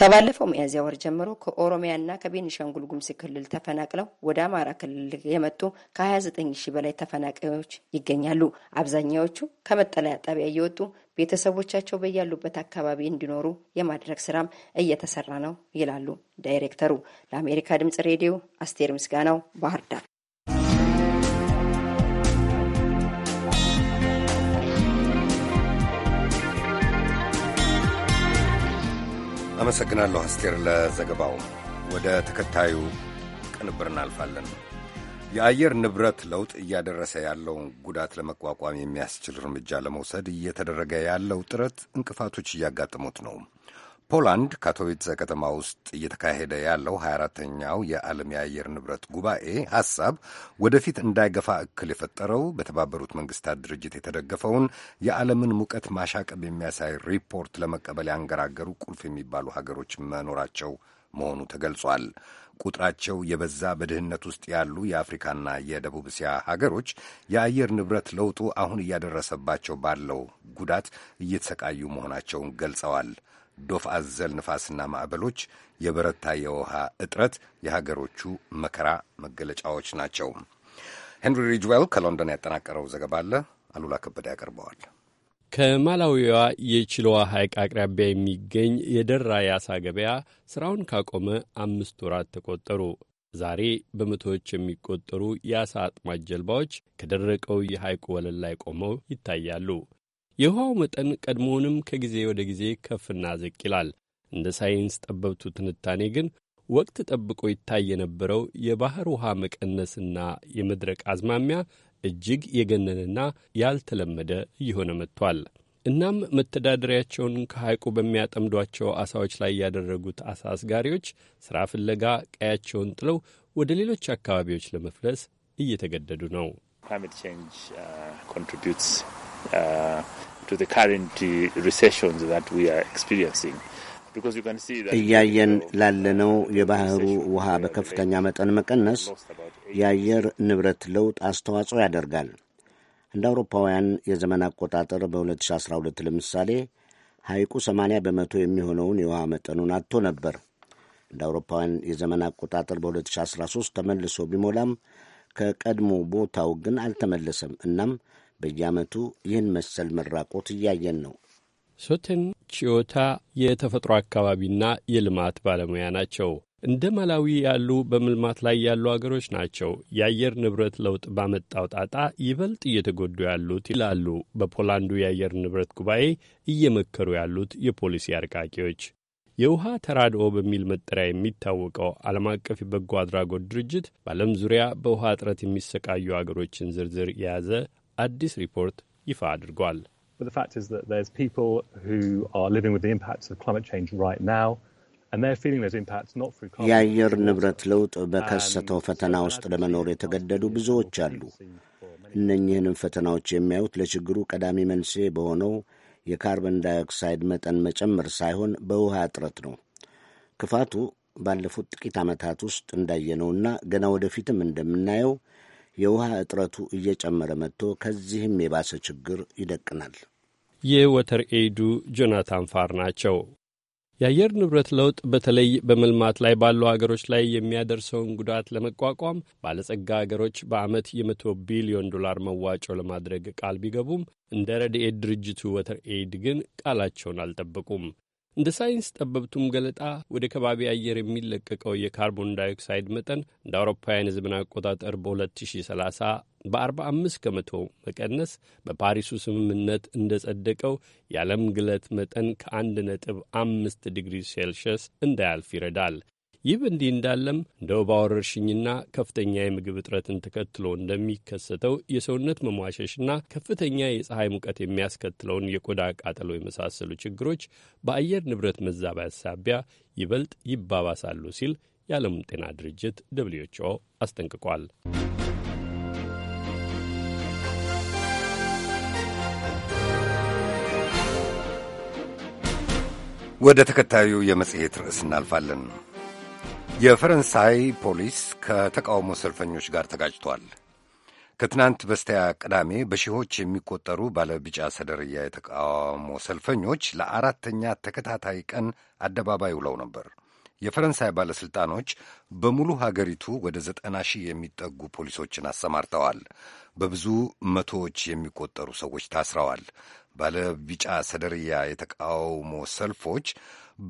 ከባለፈው ሚያዝያ ወር ጀምሮ ከኦሮሚያና ከቤኒሻንጉል ጉምስ ክልል ተፈናቅለው ወደ አማራ ክልል የመጡ ከ29 ሺ በላይ ተፈናቃዮች ይገኛሉ። አብዛኛዎቹ ከመጠለያ ጣቢያ እየወጡ ቤተሰቦቻቸው በያሉበት አካባቢ እንዲኖሩ የማድረግ ስራም እየተሰራ ነው ይላሉ ዳይሬክተሩ። ለአሜሪካ ድምጽ ሬዲዮ አስቴር ምስጋናው ባህር ዳር። አመሰግናለሁ አስቴር ለዘገባው። ወደ ተከታዩ ቅንብር እናልፋለን። የአየር ንብረት ለውጥ እያደረሰ ያለውን ጉዳት ለመቋቋም የሚያስችል እርምጃ ለመውሰድ እየተደረገ ያለው ጥረት እንቅፋቶች እያጋጠሙት ነው። ፖላንድ ካቶቪትዘ ከተማ ውስጥ እየተካሄደ ያለው 24ተኛው የዓለም የአየር ንብረት ጉባኤ ሐሳብ ወደፊት እንዳይገፋ እክል የፈጠረው በተባበሩት መንግስታት ድርጅት የተደገፈውን የዓለምን ሙቀት ማሻቀብ የሚያሳይ ሪፖርት ለመቀበል ያንገራገሩ ቁልፍ የሚባሉ ሀገሮች መኖራቸው መሆኑ ተገልጿል። ቁጥራቸው የበዛ በድህነት ውስጥ ያሉ የአፍሪካና የደቡብ እስያ ሀገሮች የአየር ንብረት ለውጡ አሁን እያደረሰባቸው ባለው ጉዳት እየተሰቃዩ መሆናቸውን ገልጸዋል። ዶፍ አዘል ንፋስና ማዕበሎች፣ የበረታ የውሃ እጥረት የሀገሮቹ መከራ መገለጫዎች ናቸው። ሄንሪ ሪጅዌል ከሎንደን ያጠናቀረው ዘገባ አለ። አሉላ ከበደ ያቀርበዋል። ከማላዊዋ የችሎዋ ሐይቅ አቅራቢያ የሚገኝ የደራ የአሳ ገበያ ሥራውን ካቆመ አምስት ወራት ተቆጠሩ። ዛሬ በመቶዎች የሚቆጠሩ የአሳ አጥማጅ ጀልባዎች ከደረቀው የሐይቁ ወለል ላይ ቆመው ይታያሉ። የውሃው መጠን ቀድሞውንም ከጊዜ ወደ ጊዜ ከፍና ዝቅ ይላል። እንደ ሳይንስ ጠበብቱ ትንታኔ ግን ወቅት ጠብቆ ይታይ የነበረው የባሕር ውሃ መቀነስና የመድረቅ አዝማሚያ እጅግ የገነነና ያልተለመደ እየሆነ መጥቷል። እናም መተዳደሪያቸውን ከሐይቁ በሚያጠምዷቸው ዓሣዎች ላይ ያደረጉት ዓሣ አስጋሪዎች ሥራ ፍለጋ ቀያቸውን ጥለው ወደ ሌሎች አካባቢዎች ለመፍለስ እየተገደዱ ነው። Uh, uh, እያየን ላለነው የባህሩ ውሃ በከፍተኛ መጠን መቀነስ የአየር ንብረት ለውጥ አስተዋጽኦ ያደርጋል። እንደ አውሮፓውያን የዘመን አቆጣጠር በ2012 ለምሳሌ ሐይቁ 80 በመቶ የሚሆነውን የውሃ መጠኑን አጥቶ ነበር። እንደ አውሮፓውያን የዘመን አቆጣጠር በ2013 ተመልሶ ቢሞላም ከቀድሞ ቦታው ግን አልተመለሰም። እናም በየዓመቱ ይህን መሰል መራቆት እያየን ነው። ሶቴን ቺዮታ የተፈጥሮ አካባቢና የልማት ባለሙያ ናቸው። እንደ ማላዊ ያሉ በምልማት ላይ ያሉ አገሮች ናቸው የአየር ንብረት ለውጥ ባመጣው ጣጣ ይበልጥ እየተጎዱ ያሉት ይላሉ በፖላንዱ የአየር ንብረት ጉባኤ እየመከሩ ያሉት የፖሊሲ አርቃቂዎች። የውሃ ተራድኦ በሚል መጠሪያ የሚታወቀው ዓለም አቀፍ የበጎ አድራጎት ድርጅት በዓለም ዙሪያ በውሃ እጥረት የሚሰቃዩ አገሮችን ዝርዝር የያዘ አዲስ ሪፖርት ይፋ አድርጓል። የአየር ንብረት ለውጥ በከሰተው ፈተና ውስጥ ለመኖር የተገደዱ ብዙዎች አሉ። እነኚህንም ፈተናዎች የሚያዩት ለችግሩ ቀዳሚ መንስኤ በሆነው የካርበን ዳይኦክሳይድ መጠን መጨመር ሳይሆን በውሃ እጥረት ነው። ክፋቱ ባለፉት ጥቂት ዓመታት ውስጥ እንዳየነውና ገና ወደፊትም እንደምናየው የውሃ እጥረቱ እየጨመረ መጥቶ ከዚህም የባሰ ችግር ይደቅናል። የወተር ኤይዱ ጆናታን ፋር ናቸው። የአየር ንብረት ለውጥ በተለይ በመልማት ላይ ባሉ አገሮች ላይ የሚያደርሰውን ጉዳት ለመቋቋም ባለጸጋ አገሮች በዓመት የመቶ ቢሊዮን ዶላር መዋጮ ለማድረግ ቃል ቢገቡም እንደ ረድኤት ድርጅቱ ወተር ኤድ ግን ቃላቸውን አልጠበቁም። እንደ ሳይንስ ጠበብቱም ገለጣ ወደ ከባቢ አየር የሚለቀቀው የካርቦን ዳይኦክሳይድ መጠን እንደ አውሮፓውያን የዘመን አቆጣጠር በ2030 በ45 ከመቶ መቀነስ በፓሪሱ ስምምነት እንደ ጸደቀው የዓለም ግለት መጠን ከአንድ ነጥብ አምስት ዲግሪ ሴልሽየስ እንዳያልፍ ይረዳል። ይህ እንዲህ እንዳለም እንደ ወባ ወረርሽኝና ከፍተኛ የምግብ እጥረትን ተከትሎ እንደሚከሰተው የሰውነት መሟሸሽና ከፍተኛ የፀሐይ ሙቀት የሚያስከትለውን የቆዳ ቃጠሎ የመሳሰሉ ችግሮች በአየር ንብረት መዛባት ሳቢያ ይበልጥ ይባባሳሉ ሲል የዓለሙ ጤና ድርጅት ደብልዩኤችኦ አስጠንቅቋል። ወደ ተከታዩ የመጽሔት ርዕስ እናልፋለን። የፈረንሳይ ፖሊስ ከተቃውሞ ሰልፈኞች ጋር ተጋጭቷል። ከትናንት በስቲያ ቅዳሜ በሺዎች የሚቆጠሩ ባለቢጫ ሰደርያ የተቃውሞ ሰልፈኞች ለአራተኛ ተከታታይ ቀን አደባባይ ውለው ነበር። የፈረንሳይ ባለሥልጣኖች በሙሉ ሀገሪቱ ወደ ዘጠና ሺህ የሚጠጉ ፖሊሶችን አሰማርተዋል። በብዙ መቶዎች የሚቆጠሩ ሰዎች ታስረዋል። ባለቢጫ ሰደርያ የተቃውሞ ሰልፎች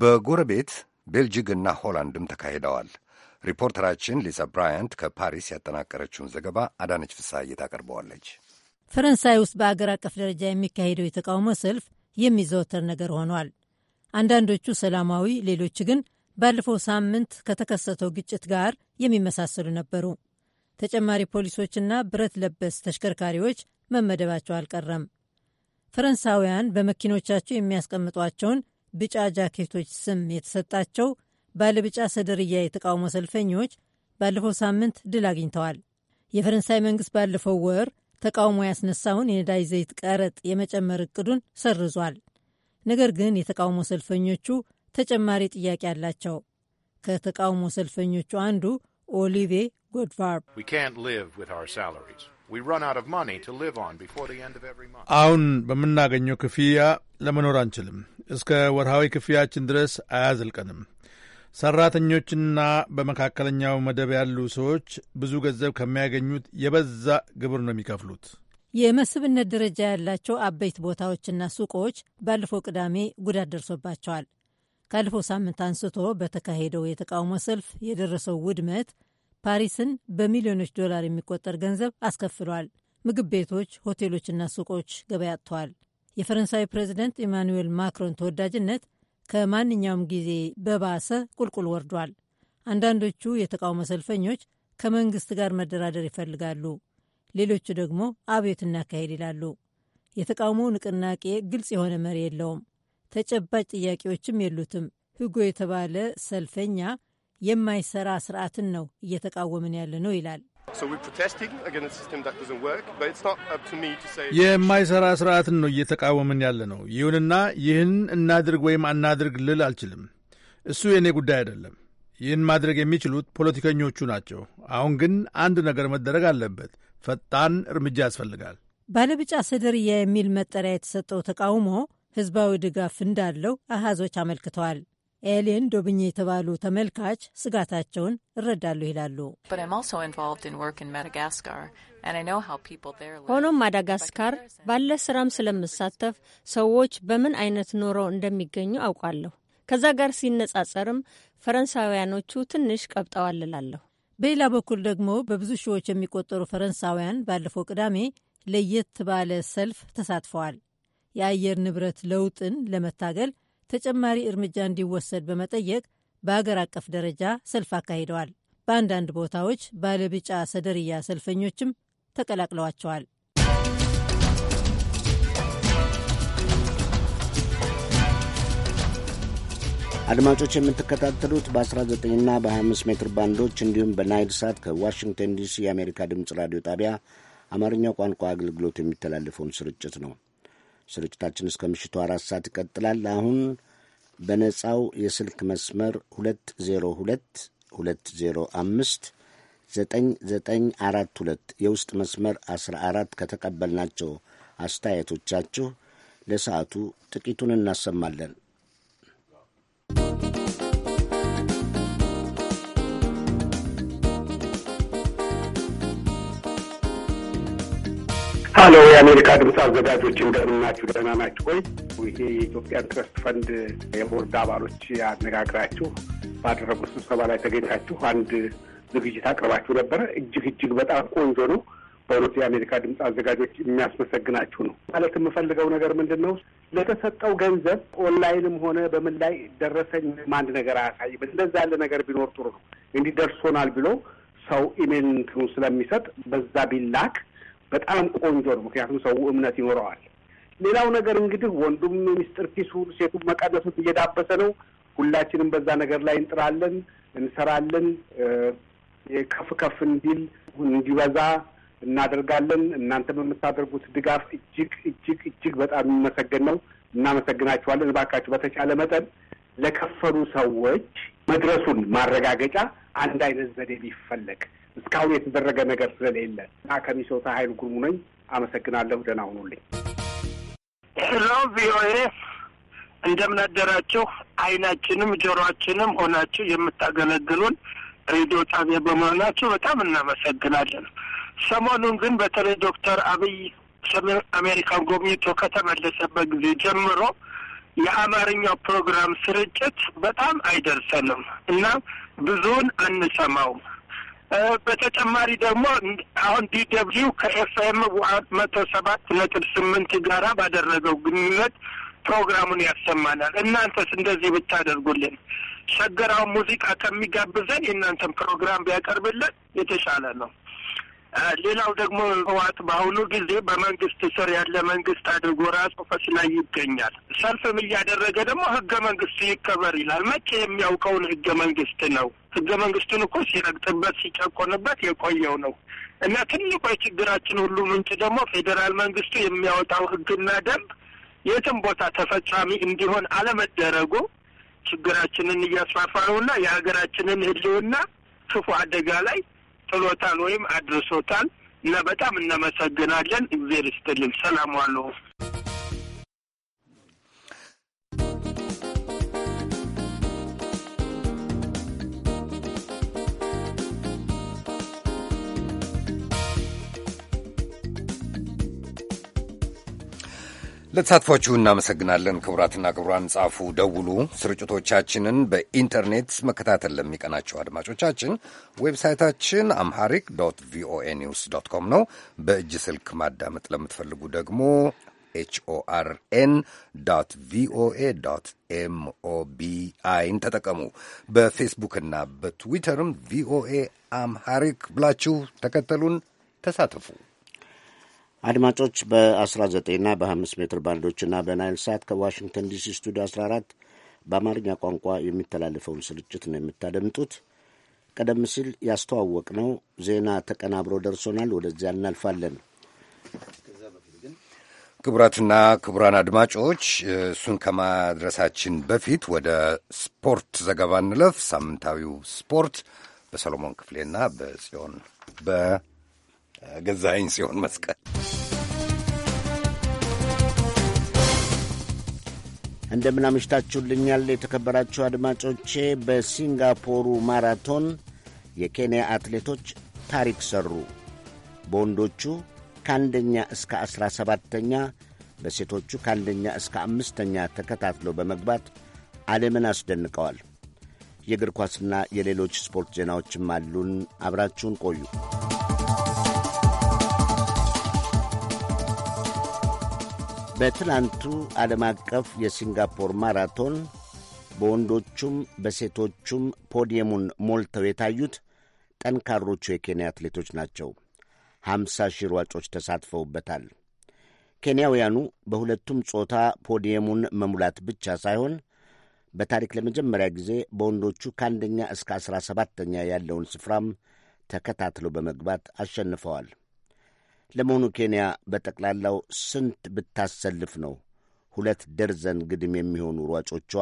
በጎረቤት ቤልጂግ እና ሆላንድም ተካሂደዋል። ሪፖርተራችን ሊሳ ብራያንት ከፓሪስ ያጠናቀረችውን ዘገባ አዳነች ፍስሐዬ ታቀርበዋለች። ፈረንሳይ ውስጥ በአገር አቀፍ ደረጃ የሚካሄደው የተቃውሞ ሰልፍ የሚዘወተር ነገር ሆኗል። አንዳንዶቹ ሰላማዊ፣ ሌሎች ግን ባለፈው ሳምንት ከተከሰተው ግጭት ጋር የሚመሳሰሉ ነበሩ። ተጨማሪ ፖሊሶችና ብረት ለበስ ተሽከርካሪዎች መመደባቸው አልቀረም። ፈረንሳውያን በመኪኖቻቸው የሚያስቀምጧቸውን ቢጫ ጃኬቶች ስም የተሰጣቸው ባለቢጫ ሰደርያ የተቃውሞ ሰልፈኞች ባለፈው ሳምንት ድል አግኝተዋል። የፈረንሳይ መንግስት ባለፈው ወር ተቃውሞ ያስነሳውን የነዳጅ ዘይት ቀረጥ የመጨመር እቅዱን ሰርዟል። ነገር ግን የተቃውሞ ሰልፈኞቹ ተጨማሪ ጥያቄ አላቸው። ከተቃውሞ ሰልፈኞቹ አንዱ ኦሊቬ ጎድቫር አሁን በምናገኘው ክፍያ ለመኖር አንችልም። እስከ ወርሃዊ ክፍያችን ድረስ አያዘልቀንም። ሠራተኞችና በመካከለኛው መደብ ያሉ ሰዎች ብዙ ገንዘብ ከሚያገኙት የበዛ ግብር ነው የሚከፍሉት። የመስህብነት ደረጃ ያላቸው አበይት ቦታዎችና ሱቆች ባለፈው ቅዳሜ ጉዳት ደርሶባቸዋል። ካለፈው ሳምንት አንስቶ በተካሄደው የተቃውሞ ሰልፍ የደረሰው ውድመት ፓሪስን በሚሊዮኖች ዶላር የሚቆጠር ገንዘብ አስከፍሏል። ምግብ ቤቶች፣ ሆቴሎችና ሱቆች ገበያ አጥተዋል። የፈረንሳዊ ፕሬዚደንት ኢማኑዌል ማክሮን ተወዳጅነት ከማንኛውም ጊዜ በባሰ ቁልቁል ወርዷል። አንዳንዶቹ የተቃውሞ ሰልፈኞች ከመንግስት ጋር መደራደር ይፈልጋሉ፣ ሌሎቹ ደግሞ አብዮት እናካሄድ ይላሉ። የተቃውሞ ንቅናቄ ግልጽ የሆነ መሪ የለውም፣ ተጨባጭ ጥያቄዎችም የሉትም። ህጎ የተባለ ሰልፈኛ የማይሰራ ስርዓትን ነው እየተቃወምን ያለ ነው ይላል። የማይሰራ ስርዓትን ነው እየተቃወምን ያለ ነው። ይሁንና ይህን እናድርግ ወይም አናድርግ ልል አልችልም። እሱ የእኔ ጉዳይ አይደለም። ይህን ማድረግ የሚችሉት ፖለቲከኞቹ ናቸው። አሁን ግን አንድ ነገር መደረግ አለበት። ፈጣን እርምጃ ያስፈልጋል። ባለብጫ ሰደርያ የሚል መጠሪያ የተሰጠው ተቃውሞ ህዝባዊ ድጋፍ እንዳለው አሃዞች አመልክተዋል። ኤሌን ዶብኝ የተባሉ ተመልካች ስጋታቸውን እረዳለሁ ይላሉ። ሆኖም ማዳጋስካር ባለ ስራም ስለምሳተፍ ሰዎች በምን አይነት ኖረው እንደሚገኙ አውቃለሁ። ከዛ ጋር ሲነጻጸርም ፈረንሳውያኖቹ ትንሽ ቀብጠዋል እላለሁ። በሌላ በኩል ደግሞ በብዙ ሺዎች የሚቆጠሩ ፈረንሳውያን ባለፈው ቅዳሜ ለየት ባለ ሰልፍ ተሳትፈዋል። የአየር ንብረት ለውጥን ለመታገል ተጨማሪ እርምጃ እንዲወሰድ በመጠየቅ በአገር አቀፍ ደረጃ ሰልፍ አካሂደዋል። በአንዳንድ ቦታዎች ባለቢጫ ሰደርያ ሰልፈኞችም ተቀላቅለዋቸዋል። አድማጮች የምትከታተሉት በ19ና በ25 ሜትር ባንዶች እንዲሁም በናይል ሳት ከዋሽንግተን ዲሲ የአሜሪካ ድምፅ ራዲዮ ጣቢያ አማርኛው ቋንቋ አገልግሎት የሚተላለፈውን ስርጭት ነው። ስርጭታችን እስከ ምሽቱ አራት ሰዓት ይቀጥላል። አሁን በነጻው የስልክ መስመር 2022059942 የውስጥ መስመር 14 ከተቀበልናቸው አስተያየቶቻችሁ ለሰዓቱ ጥቂቱን እናሰማለን። ሀሎ፣ የአሜሪካ ድምፅ አዘጋጆች እንደምናችሁ፣ ደህና ናችሁ ወይ? ይሄ የኢትዮጵያ ትረስት ፈንድ የቦርድ አባሎች ያነጋግራችሁ ባደረጉት ስብሰባ ላይ ተገኝታችሁ አንድ ዝግጅት አቅርባችሁ ነበረ። እጅግ እጅግ በጣም ቆንጆ ነው። በእውነቱ የአሜሪካ ድምፅ አዘጋጆች የሚያስመሰግናችሁ ነው። ማለት የምፈልገው ነገር ምንድን ነው፣ ለተሰጠው ገንዘብ ኦንላይንም ሆነ በምን ላይ ደረሰኝ አንድ ነገር አያሳይም። እንደዛ ያለ ነገር ቢኖር ጥሩ ነው። እንዲህ ደርሶናል ብሎ ሰው ኢሜል ስለሚሰጥ በዛ ቢላክ በጣም ቆንጆ ነው። ምክንያቱም ሰው እምነት ይኖረዋል። ሌላው ነገር እንግዲህ ወንዱም ሚስጥር ኪሱ፣ ሴቱ መቀነቱን እየዳበሰ ነው። ሁላችንም በዛ ነገር ላይ እንጥራለን፣ እንሰራለን። ከፍ ከፍ እንዲል እንዲበዛ እናደርጋለን። እናንተም የምታደርጉት ድጋፍ እጅግ እጅግ እጅግ በጣም የሚመሰገን ነው። እናመሰግናችኋለን። እባካችሁ በተቻለ መጠን ለከፈሉ ሰዎች መድረሱን ማረጋገጫ አንድ አይነት ዘዴ ቢፈለግ እስካሁን የተደረገ ነገር ስለሌለ እና ከሚሶታ ሀይል ጉርሙ ነኝ። አመሰግናለሁ። ደህና ሁኑልኝ። ሄሎ ቪኦኤ እንደምናደራችሁ። አይናችንም ጆሮአችንም ሆናችሁ የምታገለግሉን ሬዲዮ ጣቢያ በመሆናችሁ በጣም እናመሰግናለን። ሰሞኑን ግን በተለይ ዶክተር አብይ ሰሜን አሜሪካን ጎብኝቶ ከተመለሰበት ጊዜ ጀምሮ የአማርኛው ፕሮግራም ስርጭት በጣም አይደርሰንም እና ብዙውን አንሰማውም። በተጨማሪ ደግሞ አሁን ዲደብሊው ከኤፍኤም መቶ ሰባት ነጥብ ስምንት ጋራ ባደረገው ግንኙነት ፕሮግራሙን ያሰማናል። እናንተስ እንደዚህ ብታደርጉልን ሸገራውን ሙዚቃ ከሚጋብዘን የእናንተን ፕሮግራም ቢያቀርብልን የተሻለ ነው። ሌላው ደግሞ ህወሓት በአሁኑ ጊዜ በመንግስት ስር ያለ መንግስት አድርጎ ራሱ ፈስ ላይ ይገኛል። ሰልፍም እያደረገ ደግሞ ህገ መንግስቱ ይከበር ይላል። መቼ የሚያውቀውን ህገ መንግስት ነው? ህገ መንግስቱን እኮ ሲረግጥበት ሲጨቆንበት የቆየው ነው እና ትልቁ የችግራችን ሁሉ ምንጭ ደግሞ ፌዴራል መንግስቱ የሚያወጣው ህግና ደንብ የትም ቦታ ተፈጻሚ እንዲሆን አለመደረጉ ችግራችንን እያስፋፋ ነውና የሀገራችንን ህልውና ክፉ አደጋ ላይ ጥሎታል ወይም አድርሶታል እና በጣም እናመሰግናለን። እግዜር ይስጥልን። ሰላም ዋለሁ። ለተሳትፏችሁ እናመሰግናለን። ክቡራትና ክቡራን ጻፉ፣ ደውሉ። ስርጭቶቻችንን በኢንተርኔት መከታተል ለሚቀናቸው አድማጮቻችን ዌብሳይታችን አምሃሪክ ዶት ቪኦኤ ኒውስ ዶት ኮም ነው። በእጅ ስልክ ማዳመጥ ለምትፈልጉ ደግሞ ኤችኦአርኤን ዶት ቪኦኤ ዶት ኤምኦቢአይን ተጠቀሙ። በፌስቡክና በትዊተርም ቪኦኤ አምሃሪክ ብላችሁ ተከተሉን፣ ተሳተፉ። አድማጮች በ19ና በ5 ሜትር ባንዶችና በናይል ሳት ከዋሽንግተን ዲሲ ስቱዲዮ 14 በአማርኛ ቋንቋ የሚተላለፈውን ስርጭት ነው የምታደምጡት። ቀደም ሲል ያስተዋወቅ ነው ዜና ተቀናብሮ ደርሶናል። ወደዚያ እናልፋለን። ክቡራትና ክቡራን አድማጮች እሱን ከማድረሳችን በፊት ወደ ስፖርት ዘገባ እንለፍ። ሳምንታዊው ስፖርት በሰሎሞን ክፍሌና በጽዮን በገዛኸኝ ጽዮን መስቀል እንደምናምሽታችሁልኛል የተከበራችሁ አድማጮቼ። በሲንጋፖሩ ማራቶን የኬንያ አትሌቶች ታሪክ ሠሩ። በወንዶቹ ከአንደኛ እስከ ዐሥራ ሰባተኛ በሴቶቹ ከአንደኛ እስከ አምስተኛ ተከታትለው በመግባት ዓለምን አስደንቀዋል። የእግር ኳስና የሌሎች ስፖርት ዜናዎችም አሉን። አብራችሁን ቆዩ። በትናንቱ ዓለም አቀፍ የሲንጋፖር ማራቶን በወንዶቹም በሴቶቹም ፖዲየሙን ሞልተው የታዩት ጠንካሮቹ የኬንያ አትሌቶች ናቸው። ሀምሳ ሺህ ሯጮች ተሳትፈውበታል። ኬንያውያኑ በሁለቱም ጾታ ፖዲየሙን መሙላት ብቻ ሳይሆን በታሪክ ለመጀመሪያ ጊዜ በወንዶቹ ከአንደኛ እስከ አስራ ሰባተኛ ያለውን ስፍራም ተከታትለው በመግባት አሸንፈዋል። ለመሆኑ ኬንያ በጠቅላላው ስንት ብታሰልፍ ነው ሁለት ደርዘን ግድም የሚሆኑ ሯጮቿ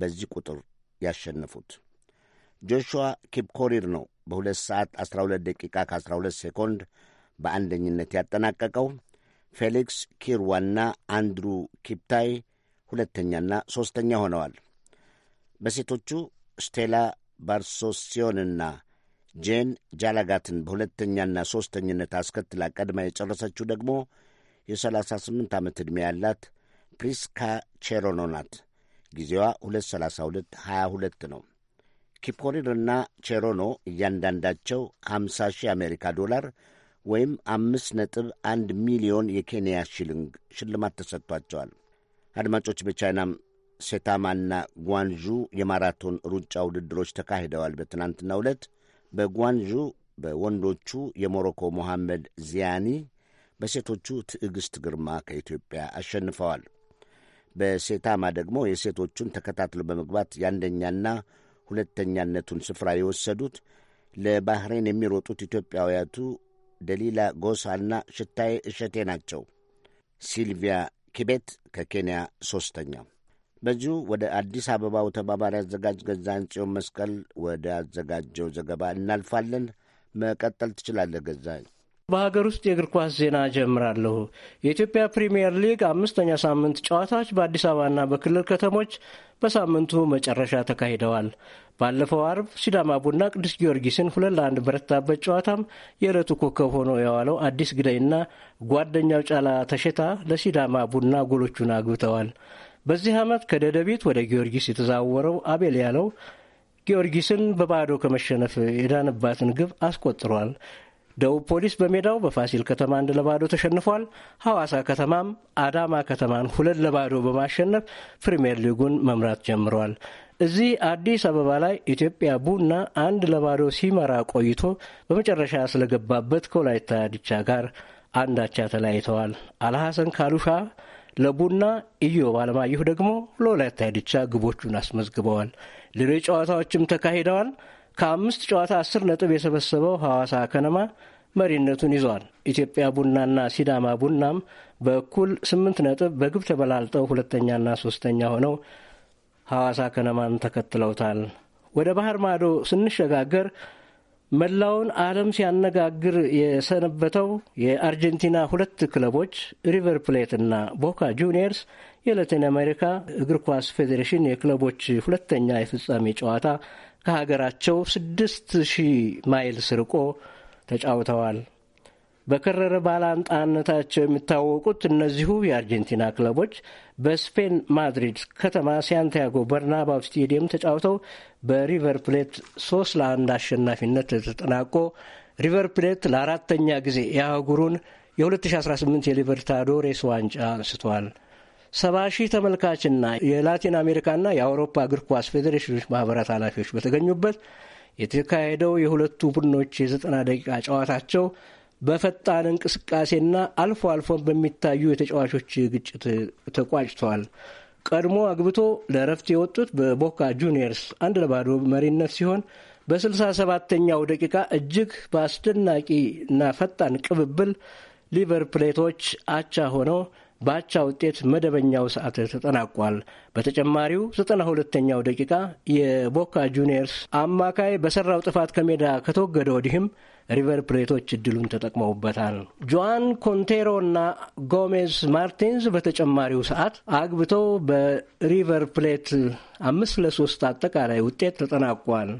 በዚህ ቁጥር ያሸነፉት? ጆሹዋ ኪፕኮሪር ነው በ2 ሰዓት 12 ደቂቃ ከ12 ሴኮንድ በአንደኝነት ያጠናቀቀው። ፌሊክስ ኪርዋና አንድሩ ኪፕታይ ሁለተኛና ሦስተኛ ሆነዋል። በሴቶቹ ስቴላ ባርሶሲዮንና ጄን ጃላጋትን በሁለተኛና ሦስተኝነት አስከትላ ቀድማ የጨረሰችው ደግሞ የ38 ዓመት ዕድሜ ያላት ፕሪስካ ቼሮኖ ናት። ጊዜዋ 23222 ነው። ኪፖሪርና ቼሮኖ እያንዳንዳቸው 50 ሺህ አሜሪካ ዶላር ወይም አምስት ነጥብ አንድ ሚሊዮን የኬንያ ሺሊንግ ሽልማት ተሰጥቷቸዋል። አድማጮች በቻይናም ሴታማና ጓንዡ የማራቶን ሩጫ ውድድሮች ተካሂደዋል። በትናንትናው ዕለት በጓንዡ በወንዶቹ የሞሮኮ ሞሐመድ ዚያኒ፣ በሴቶቹ ትዕግሥት ግርማ ከኢትዮጵያ አሸንፈዋል። በሴታማ ደግሞ የሴቶቹን ተከታትሎ በመግባት የአንደኛና ሁለተኛነቱን ስፍራ የወሰዱት ለባህሬን የሚሮጡት ኢትዮጵያውያቱ ደሊላ ጎሳና ሽታዬ እሸቴ ናቸው። ሲልቪያ ኪቤት ከኬንያ ሦስተኛው በዚሁ ወደ አዲስ አበባው ተባባሪ አዘጋጅ ገዛኸኝ ጽዮን መስቀል ወደ አዘጋጀው ዘገባ እናልፋለን። መቀጠል ትችላለህ ገዛኸኝ። በሀገር ውስጥ የእግር ኳስ ዜና ጀምራለሁ። የኢትዮጵያ ፕሪምየር ሊግ አምስተኛ ሳምንት ጨዋታዎች በአዲስ አበባና በክልል ከተሞች በሳምንቱ መጨረሻ ተካሂደዋል። ባለፈው አርብ ሲዳማ ቡና ቅዱስ ጊዮርጊስን ሁለት ለአንድ በረታበት ጨዋታም የዕለቱ ኮከብ ሆኖ የዋለው አዲስ ግዳይና ጓደኛው ጫላ ተሸታ ለሲዳማ ቡና ጎሎቹን አግብተዋል። በዚህ ዓመት ከደደቢት ወደ ጊዮርጊስ የተዛወረው አቤል ያለው ጊዮርጊስን በባዶ ከመሸነፍ የዳንባትን ግብ አስቆጥሯል። ደቡብ ፖሊስ በሜዳው በፋሲል ከተማ አንድ ለባዶ ተሸንፏል። ሐዋሳ ከተማም አዳማ ከተማን ሁለት ለባዶ በማሸነፍ ፕሪምየር ሊጉን መምራት ጀምሯል። እዚህ አዲስ አበባ ላይ ኢትዮጵያ ቡና አንድ ለባዶ ሲመራ ቆይቶ በመጨረሻ ስለገባበት ከወላይታ ዲቻ ጋር አንዳቻ ተለያይተዋል። አልሐሰን ካሉሻ ለቡና ኢዮብ አለማየሁ ደግሞ ለወላይታ ዲቻ ግቦቹን አስመዝግበዋል። ሌሎች ጨዋታዎችም ተካሂደዋል። ከአምስት ጨዋታ አስር ነጥብ የሰበሰበው ሐዋሳ ከነማ መሪነቱን ይዟል። ኢትዮጵያ ቡናና ሲዳማ ቡናም በእኩል ስምንት ነጥብ በግብ ተበላልጠው ሁለተኛና ሶስተኛ ሆነው ሐዋሳ ከነማን ተከትለውታል። ወደ ባህር ማዶ ስንሸጋገር መላውን ዓለም ሲያነጋግር የሰነበተው የአርጀንቲና ሁለት ክለቦች ሪቨር ፕሌትና ቦካ ጁኒየርስ የላቲን አሜሪካ እግር ኳስ ፌዴሬሽን የክለቦች ሁለተኛ የፍጻሜ ጨዋታ ከሀገራቸው ስድስት ሺህ ማይልስ ርቆ ተጫውተዋል። በከረረ ባላንጣነታቸው የሚታወቁት እነዚሁ የአርጀንቲና ክለቦች በስፔን ማድሪድ ከተማ ሳንቲያጎ በርናባው ስቴዲየም ተጫውተው በሪቨር ፕሌት ሶስት ለአንድ አሸናፊነት ተጠናቆ ሪቨር ፕሌት ለአራተኛ ጊዜ የአህጉሩን የ2018 የሊበርታዶሬስ ዋንጫ አንስቷል። ሰባ ሺህ ተመልካችና የላቲን አሜሪካና የአውሮፓ እግር ኳስ ፌዴሬሽኖች ማህበራት ኃላፊዎች በተገኙበት የተካሄደው የሁለቱ ቡድኖች የዘጠና ደቂቃ ጨዋታቸው በፈጣን እንቅስቃሴና አልፎ አልፎን በሚታዩ የተጫዋቾች ግጭት ተቋጭተዋል። ቀድሞ አግብቶ ለእረፍት የወጡት በቦካ ጁኒየርስ አንድ ለባዶ መሪነት ሲሆን በስልሳ ሰባተኛው ደቂቃ እጅግ በአስደናቂ ፈጣን ቅብብል ሊቨርፕሌቶች አቻ ሆነው በአቻ ውጤት መደበኛው ሰዓት ተጠናቋል። በተጨማሪው ዘጠና ሁለተኛው ደቂቃ የቦካ ጁኒየርስ አማካይ በሰራው ጥፋት ከሜዳ ከተወገደ ወዲህም ሪቨር ፕሌቶች እድሉን ተጠቅመውበታል። ጆዋን ኮንቴሮ እና ጎሜዝ ማርቲንስ በተጨማሪው ሰዓት አግብተው በሪቨር ፕሌት አምስት ለሶስት አጠቃላይ ውጤት ተጠናቋል።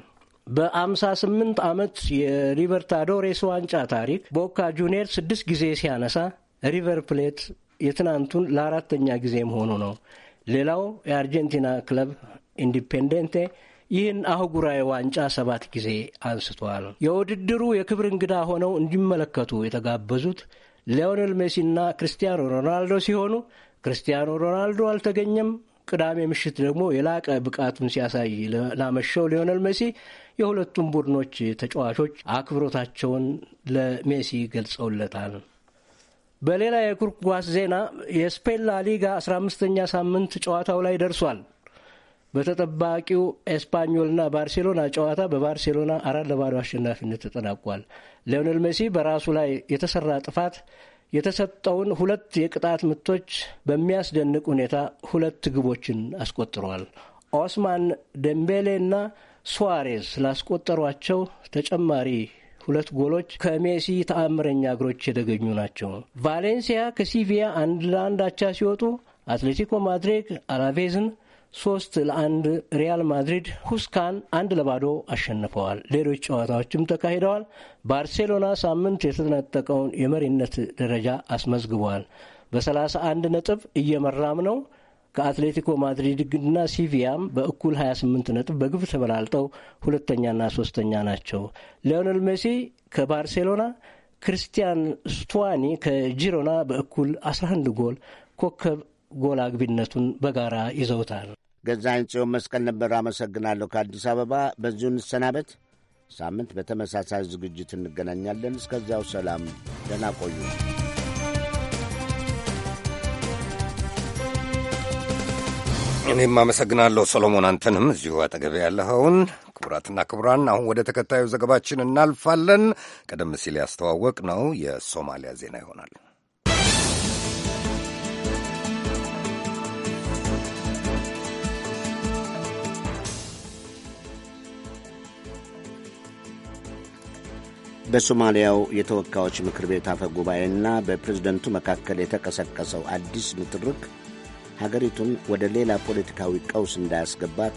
በአምሳ ስምንት ዓመት የሊበርታዶሬስ ዋንጫ ታሪክ ቦካ ጁኒየር ስድስት ጊዜ ሲያነሳ ሪቨር ፕሌት የትናንቱን ለአራተኛ ጊዜ መሆኑ ነው። ሌላው የአርጀንቲና ክለብ ኢንዲፔንደንቴ ይህን አህጉራዊ ዋንጫ ሰባት ጊዜ አንስቷል። የውድድሩ የክብር እንግዳ ሆነው እንዲመለከቱ የተጋበዙት ሊዮኔል ሜሲና ክርስቲያኖ ሮናልዶ ሲሆኑ ክርስቲያኖ ሮናልዶ አልተገኘም። ቅዳሜ ምሽት ደግሞ የላቀ ብቃቱን ሲያሳይ ላመሸው ሊዮኔል ሜሲ የሁለቱም ቡድኖች ተጫዋቾች አክብሮታቸውን ለሜሲ ገልጸውለታል። በሌላ የእግር ኳስ ዜና የስፔን ላሊጋ አስራ አምስተኛ ሳምንት ጨዋታው ላይ ደርሷል። በተጠባቂው ኤስፓኞልና ባርሴሎና ጨዋታ በባርሴሎና አራት ለባዶ አሸናፊነት ተጠናቋል። ሊዮኔል ሜሲ በራሱ ላይ የተሰራ ጥፋት የተሰጠውን ሁለት የቅጣት ምቶች በሚያስደንቅ ሁኔታ ሁለት ግቦችን አስቆጥረዋል። ኦስማን ደምቤሌና ሱዋሬዝ ስላስቆጠሯቸው ተጨማሪ ሁለት ጎሎች ከሜሲ ተአምረኛ እግሮች የተገኙ ናቸው። ቫሌንሲያ ከሲቪያ አንድ ለአንድ አቻ ሲወጡ አትሌቲኮ ማድሪድ አላቬዝን ሶስት ለአንድ ሪያል ማድሪድ ሁስካን አንድ ለባዶ አሸንፈዋል። ሌሎች ጨዋታዎችም ተካሂደዋል። ባርሴሎና ሳምንት የተነጠቀውን የመሪነት ደረጃ አስመዝግቧል። በሰላሳ አንድ ነጥብ እየመራም ነው። ከአትሌቲኮ ማድሪድና ሲቪያም በእኩል 28 ነጥብ በግብ ተበላልጠው ሁለተኛና ሶስተኛ ናቸው። ሊዮኔል ሜሲ ከባርሴሎና፣ ክርስቲያን ስቱዋኒ ከጂሮና በእኩል 11 ጎል ኮከብ ጎል አግቢነቱን በጋራ ይዘውታል። ገዛኸኝ ጽዮን መስቀል ነበር። አመሰግናለሁ። ከአዲስ አበባ በዚሁ እንሰናበት። ሳምንት በተመሳሳይ ዝግጅት እንገናኛለን። እስከዚያው ሰላም፣ ደህና ቆዩ። እኔም አመሰግናለሁ ሰሎሞን፣ አንተንም እዚሁ አጠገብ ያለኸውን። ክቡራትና ክቡራን፣ አሁን ወደ ተከታዩ ዘገባችን እናልፋለን። ቀደም ሲል ያስተዋወቅ ነው የሶማሊያ ዜና ይሆናል። በሶማሊያው የተወካዮች ምክር ቤት አፈ ጉባኤና በፕሬዝደንቱ መካከል የተቀሰቀሰው አዲስ ንትርክ ሀገሪቱን ወደ ሌላ ፖለቲካዊ ቀውስ እንዳያስገባት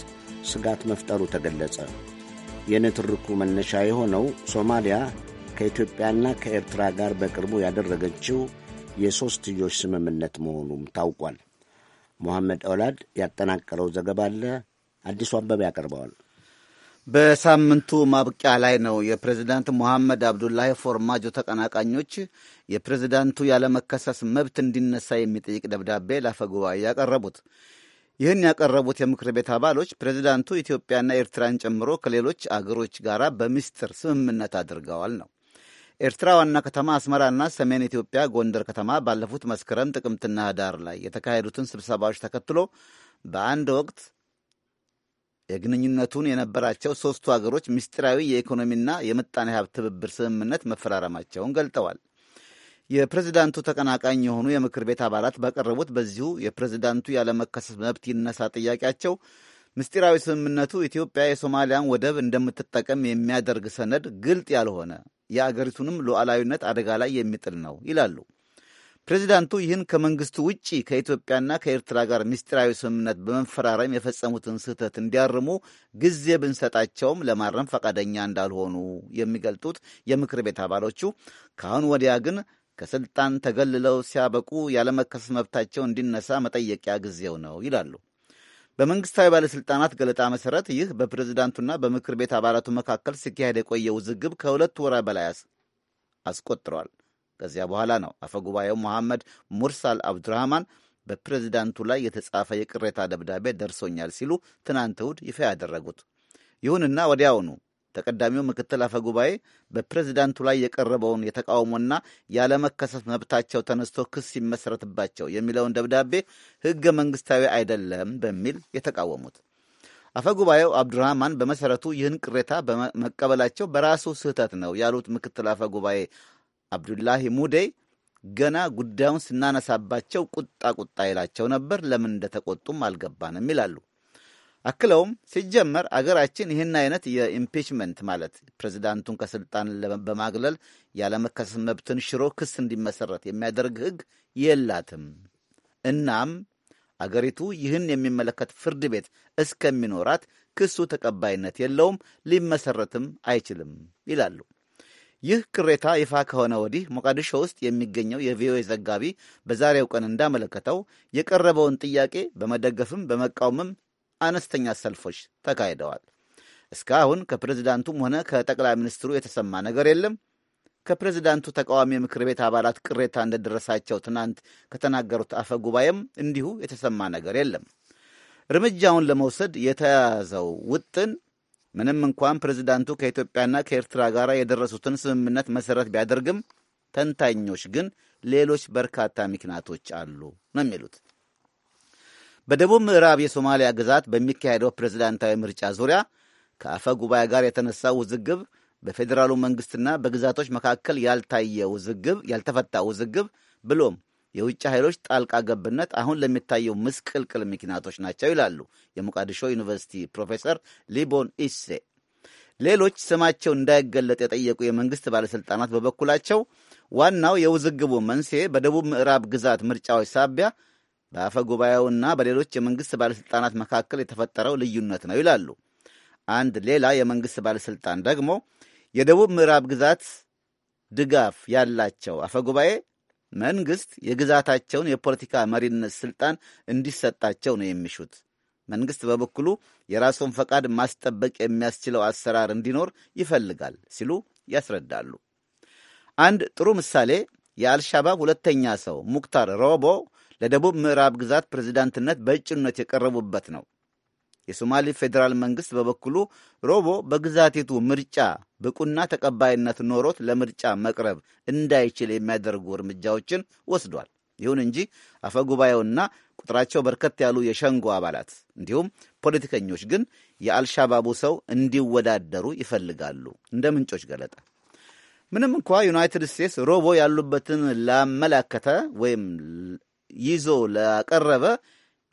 ስጋት መፍጠሩ ተገለጸ። የንትርኩ መነሻ የሆነው ሶማሊያ ከኢትዮጵያና ከኤርትራ ጋር በቅርቡ ያደረገችው የሦስትዮሽ ስምምነት መሆኑም ታውቋል። ሞሐመድ ኦላድ ያጠናቀረው ዘገባ አለ፣ አዲሱ አበበ ያቀርበዋል። በሳምንቱ ማብቂያ ላይ ነው የፕሬዚዳንት ሞሐመድ አብዱላሂ ፎርማጆ ተቀናቃኞች የፕሬዚዳንቱ ያለመከሰስ መብት እንዲነሳ የሚጠይቅ ደብዳቤ ላፈጉባኤ ያቀረቡት። ይህን ያቀረቡት የምክር ቤት አባሎች ፕሬዚዳንቱ ኢትዮጵያና ኤርትራን ጨምሮ ከሌሎች አገሮች ጋር በሚስጥር ስምምነት አድርገዋል ነው። ኤርትራ ዋና ከተማ አስመራና ሰሜን ኢትዮጵያ ጎንደር ከተማ ባለፉት መስከረም ጥቅምትና ህዳር ላይ የተካሄዱትን ስብሰባዎች ተከትሎ በአንድ ወቅት የግንኙነቱን የነበራቸው ሦስቱ አገሮች ምስጢራዊ የኢኮኖሚና የምጣኔ ሀብት ትብብር ስምምነት መፈራረማቸውን ገልጠዋል። የፕሬዚዳንቱ ተቀናቃኝ የሆኑ የምክር ቤት አባላት በቀረቡት በዚሁ የፕሬዚዳንቱ ያለመከሰስ መብት ይነሳ ጥያቄያቸው ምስጢራዊ ስምምነቱ ኢትዮጵያ የሶማሊያን ወደብ እንደምትጠቀም የሚያደርግ ሰነድ ግልጥ ያልሆነ የአገሪቱንም ሉዓላዊነት አደጋ ላይ የሚጥል ነው ይላሉ። ፕሬዚዳንቱ ይህን ከመንግስቱ ውጪ ከኢትዮጵያና ከኤርትራ ጋር ምስጢራዊ ስምምነት በመፈራረም የፈጸሙትን ስህተት እንዲያርሙ ጊዜ ብንሰጣቸውም ለማረም ፈቃደኛ እንዳልሆኑ የሚገልጡት የምክር ቤት አባሎቹ ከአሁን ወዲያ ግን ከስልጣን ተገልለው ሲያበቁ ያለመከሰስ መብታቸው እንዲነሳ መጠየቂያ ጊዜው ነው ይላሉ። በመንግስታዊ ባለሥልጣናት ገለጣ መሠረት ይህ በፕሬዚዳንቱና በምክር ቤት አባላቱ መካከል ሲካሄድ የቆየ ውዝግብ ከሁለት ወራ በላይ አስቆጥሯል። ከዚያ በኋላ ነው አፈጉባኤው መሐመድ ሙርሳል አብዱራህማን በፕሬዚዳንቱ ላይ የተጻፈ የቅሬታ ደብዳቤ ደርሶኛል ሲሉ ትናንት እሁድ ይፋ ያደረጉት። ይሁንና ወዲያውኑ ተቀዳሚው ምክትል አፈ ጉባኤ በፕሬዚዳንቱ ላይ የቀረበውን የተቃውሞና ያለመከሰስ መብታቸው ተነስቶ ክስ ሲመሰረትባቸው የሚለውን ደብዳቤ ሕገ መንግሥታዊ አይደለም በሚል የተቃወሙት አፈ ጉባኤው አብዱራህማን በመሠረቱ ይህን ቅሬታ በመቀበላቸው በራሱ ስህተት ነው ያሉት ምክትል አፈ ጉባኤ። አብዱላሂ ሙዴ ገና ጉዳዩን ስናነሳባቸው ቁጣ ቁጣ ይላቸው ነበር። ለምን እንደተቆጡም አልገባንም ይላሉ። አክለውም ሲጀመር አገራችን ይህን አይነት የኢምፒችመንት ማለት ፕሬዚዳንቱን ከስልጣን በማግለል ያለመከሰስ መብትን ሽሮ ክስ እንዲመሰረት የሚያደርግ ሕግ የላትም። እናም አገሪቱ ይህን የሚመለከት ፍርድ ቤት እስከሚኖራት ክሱ ተቀባይነት የለውም፣ ሊመሰረትም አይችልም ይላሉ። ይህ ቅሬታ ይፋ ከሆነ ወዲህ ሞቃዲሾ ውስጥ የሚገኘው የቪኦኤ ዘጋቢ በዛሬው ቀን እንዳመለከተው የቀረበውን ጥያቄ በመደገፍም በመቃወምም አነስተኛ ሰልፎች ተካሂደዋል። እስካሁን ከፕሬዝዳንቱም ሆነ ከጠቅላይ ሚኒስትሩ የተሰማ ነገር የለም። ከፕሬዚዳንቱ ተቃዋሚ የምክር ቤት አባላት ቅሬታ እንደደረሳቸው ትናንት ከተናገሩት አፈ ጉባኤም እንዲሁ የተሰማ ነገር የለም። እርምጃውን ለመውሰድ የተያዘው ውጥን ምንም እንኳን ፕሬዚዳንቱ ከኢትዮጵያና ከኤርትራ ጋር የደረሱትን ስምምነት መሠረት ቢያደርግም ተንታኞች ግን ሌሎች በርካታ ምክንያቶች አሉ ነው የሚሉት። በደቡብ ምዕራብ የሶማሊያ ግዛት በሚካሄደው ፕሬዚዳንታዊ ምርጫ ዙሪያ ከአፈ ጉባኤ ጋር የተነሳው ውዝግብ፣ በፌዴራሉ መንግሥትና በግዛቶች መካከል ያልታየ ውዝግብ፣ ያልተፈታ ውዝግብ ብሎም የውጭ ኃይሎች ጣልቃ ገብነት አሁን ለሚታየው ምስቅልቅል ምክንያቶች ናቸው ይላሉ የሞቃዲሾ ዩኒቨርሲቲ ፕሮፌሰር ሊቦን ኢሴ። ሌሎች ስማቸው እንዳይገለጥ የጠየቁ የመንግሥት ባለሥልጣናት በበኩላቸው ዋናው የውዝግቡ መንስኤ በደቡብ ምዕራብ ግዛት ምርጫዎች ሳቢያ በአፈ ጉባኤውና በሌሎች የመንግሥት ባለሥልጣናት መካከል የተፈጠረው ልዩነት ነው ይላሉ። አንድ ሌላ የመንግሥት ባለሥልጣን ደግሞ የደቡብ ምዕራብ ግዛት ድጋፍ ያላቸው አፈጉባኤ መንግሥት የግዛታቸውን የፖለቲካ መሪነት ስልጣን እንዲሰጣቸው ነው የሚሹት። መንግሥት በበኩሉ የራሱን ፈቃድ ማስጠበቅ የሚያስችለው አሰራር እንዲኖር ይፈልጋል ሲሉ ያስረዳሉ። አንድ ጥሩ ምሳሌ የአልሻባብ ሁለተኛ ሰው ሙክታር ሮቦ ለደቡብ ምዕራብ ግዛት ፕሬዚዳንትነት በእጩነት የቀረቡበት ነው። የሶማሌ ፌዴራል መንግስት በበኩሉ ሮቦ በግዛቲቱ ምርጫ ብቁና ተቀባይነት ኖሮት ለምርጫ መቅረብ እንዳይችል የሚያደርጉ እርምጃዎችን ወስዷል። ይሁን እንጂ አፈጉባኤውና ቁጥራቸው በርከት ያሉ የሸንጎ አባላት እንዲሁም ፖለቲከኞች ግን የአልሻባቡ ሰው እንዲወዳደሩ ይፈልጋሉ። እንደ ምንጮች ገለጠ ምንም እንኳ ዩናይትድ ስቴትስ ሮቦ ያሉበትን ላመላከተ ወይም ይዞ ላቀረበ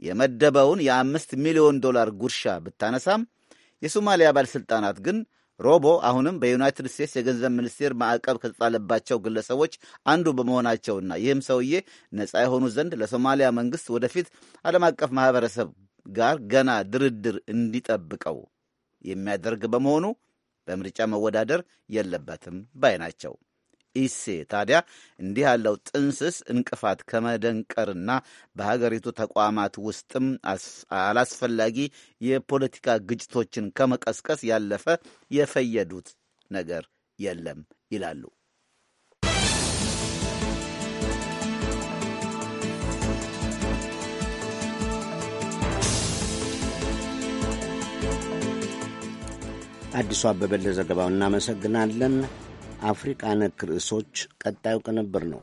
የመደበውን የአምስት ሚሊዮን ዶላር ጉርሻ ብታነሳም የሶማሊያ ባለሥልጣናት ግን ሮቦ አሁንም በዩናይትድ ስቴትስ የገንዘብ ሚኒስቴር ማዕቀብ ከተጣለባቸው ግለሰቦች አንዱ በመሆናቸውና ይህም ሰውዬ ነፃ የሆኑ ዘንድ ለሶማሊያ መንግሥት ወደፊት ዓለም አቀፍ ማኅበረሰብ ጋር ገና ድርድር እንዲጠብቀው የሚያደርግ በመሆኑ በምርጫ መወዳደር የለበትም ባይ ናቸው። ኢሴ ታዲያ እንዲህ ያለው ጥንስስ እንቅፋት ከመደንቀርና በሀገሪቱ ተቋማት ውስጥም አላስፈላጊ የፖለቲካ ግጭቶችን ከመቀስቀስ ያለፈ የፈየዱት ነገር የለም ይላሉ። አዲሱ አበበ ለዘገባው እናመሰግናለን። አፍሪቃ ነክ ርዕሶች ቀጣዩ ቅንብር ነው።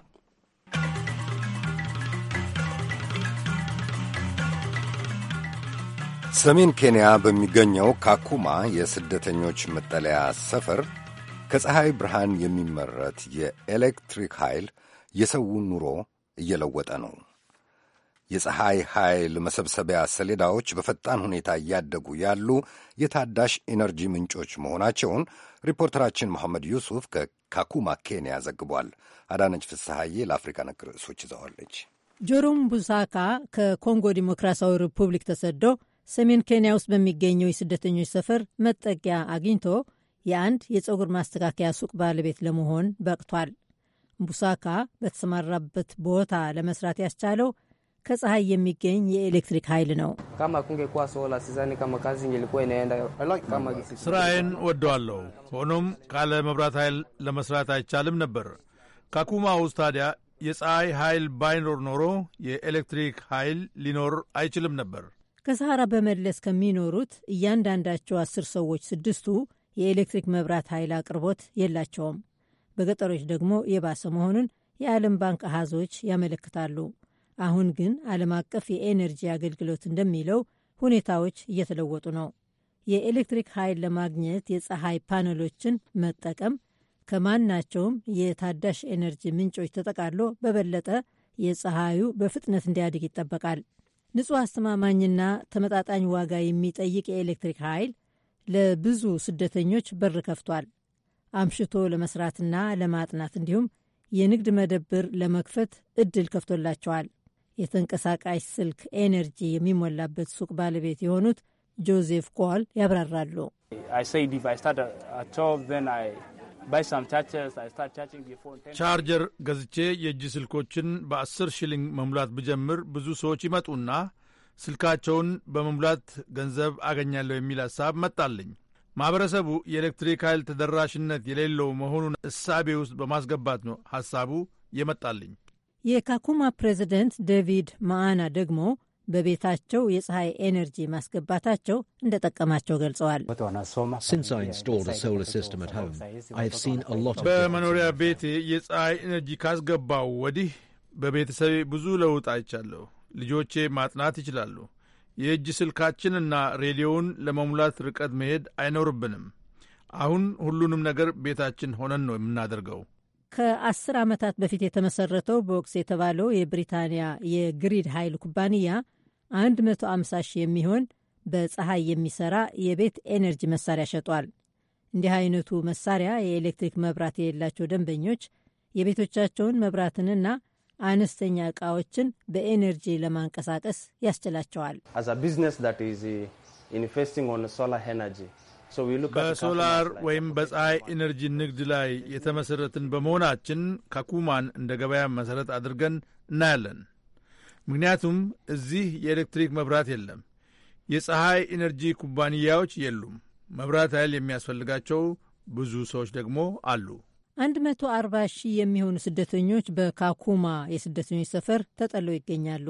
ሰሜን ኬንያ በሚገኘው ካኩማ የስደተኞች መጠለያ ሰፈር ከፀሐይ ብርሃን የሚመረት የኤሌክትሪክ ኃይል የሰውን ኑሮ እየለወጠ ነው። የፀሐይ ኃይል መሰብሰቢያ ሰሌዳዎች በፈጣን ሁኔታ እያደጉ ያሉ የታዳሽ ኢነርጂ ምንጮች መሆናቸውን ሪፖርተራችን መሐመድ ዩሱፍ ከካኩማ ኬንያ ዘግቧል። አዳነች ፍስሐዬ ለአፍሪካ ነክ ርዕሶች ይዘዋለች። ጆሮም ቡሳካ ከኮንጎ ዲሞክራሲያዊ ሪፑብሊክ ተሰዶ ሰሜን ኬንያ ውስጥ በሚገኘው የስደተኞች ሰፈር መጠጊያ አግኝቶ የአንድ የፀጉር ማስተካከያ ሱቅ ባለቤት ለመሆን በቅቷል። ቡሳካ በተሰማራበት ቦታ ለመስራት ያስቻለው ከፀሐይ የሚገኝ የኤሌክትሪክ ኃይል ነው። ስራዬን ወደዋለሁ። ሆኖም ካለ መብራት ኃይል ለመስራት አይቻልም ነበር። ካኩማ ውስጥ ታዲያ የፀሐይ ኃይል ባይኖር ኖሮ የኤሌክትሪክ ኃይል ሊኖር አይችልም ነበር። ከሰሐራ በመለስ ከሚኖሩት እያንዳንዳቸው አስር ሰዎች ስድስቱ የኤሌክትሪክ መብራት ኃይል አቅርቦት የላቸውም። በገጠሮች ደግሞ የባሰ መሆኑን የዓለም ባንክ አሃዞች ያመለክታሉ። አሁን ግን ዓለም አቀፍ የኤነርጂ አገልግሎት እንደሚለው ሁኔታዎች እየተለወጡ ነው። የኤሌክትሪክ ኃይል ለማግኘት የፀሐይ ፓነሎችን መጠቀም ከማናቸውም የታዳሽ ኤነርጂ ምንጮች ተጠቃሎ በበለጠ የፀሐዩ በፍጥነት እንዲያድግ ይጠበቃል። ንጹሕ አስተማማኝና ተመጣጣኝ ዋጋ የሚጠይቅ የኤሌክትሪክ ኃይል ለብዙ ስደተኞች በር ከፍቷል። አምሽቶ ለመስራትና ለማጥናት እንዲሁም የንግድ መደብር ለመክፈት እድል ከፍቶላቸዋል። የተንቀሳቃሽ ስልክ ኤነርጂ የሚሞላበት ሱቅ ባለቤት የሆኑት ጆዜፍ ኳል ያብራራሉ። ቻርጀር ገዝቼ የእጅ ስልኮችን በአስር ሺሊንግ መሙላት ብጀምር ብዙ ሰዎች ይመጡና ስልካቸውን በመሙላት ገንዘብ አገኛለሁ የሚል ሐሳብ መጣልኝ። ማኅበረሰቡ የኤሌክትሪክ ኃይል ተደራሽነት የሌለው መሆኑን እሳቤ ውስጥ በማስገባት ነው ሐሳቡ የመጣልኝ። የካኩማ ፕሬዚደንት ዴቪድ ማአና ደግሞ በቤታቸው የፀሐይ ኤነርጂ ማስገባታቸው እንደጠቀማቸው ገልጸዋል። በመኖሪያ ቤቴ የፀሐይ ኤነርጂ ካስገባው ወዲህ በቤተሰቤ ብዙ ለውጥ አይቻለሁ። ልጆቼ ማጥናት ይችላሉ። የእጅ ስልካችንና ሬዲዮውን ለመሙላት ርቀት መሄድ አይኖርብንም። አሁን ሁሉንም ነገር ቤታችን ሆነን ነው የምናደርገው። ከአስር ዓመታት በፊት የተመሰረተው ቦክስ የተባለው የብሪታንያ የግሪድ ኃይል ኩባንያ 150 ሺህ የሚሆን በፀሐይ የሚሰራ የቤት ኤነርጂ መሳሪያ ሸጧል። እንዲህ አይነቱ መሳሪያ የኤሌክትሪክ መብራት የሌላቸው ደንበኞች የቤቶቻቸውን መብራትንና አነስተኛ እቃዎችን በኤነርጂ ለማንቀሳቀስ ያስችላቸዋል። በሶላር ወይም በፀሐይ ኢነርጂ ንግድ ላይ የተመሠረትን በመሆናችን ካኩማን እንደ ገበያ መሠረት አድርገን እናያለን። ምክንያቱም እዚህ የኤሌክትሪክ መብራት የለም። የፀሐይ ኢነርጂ ኩባንያዎች የሉም። መብራት ኃይል የሚያስፈልጋቸው ብዙ ሰዎች ደግሞ አሉ። 140 ሺህ የሚሆኑ ስደተኞች በካኩማ የስደተኞች ሰፈር ተጠለው ይገኛሉ።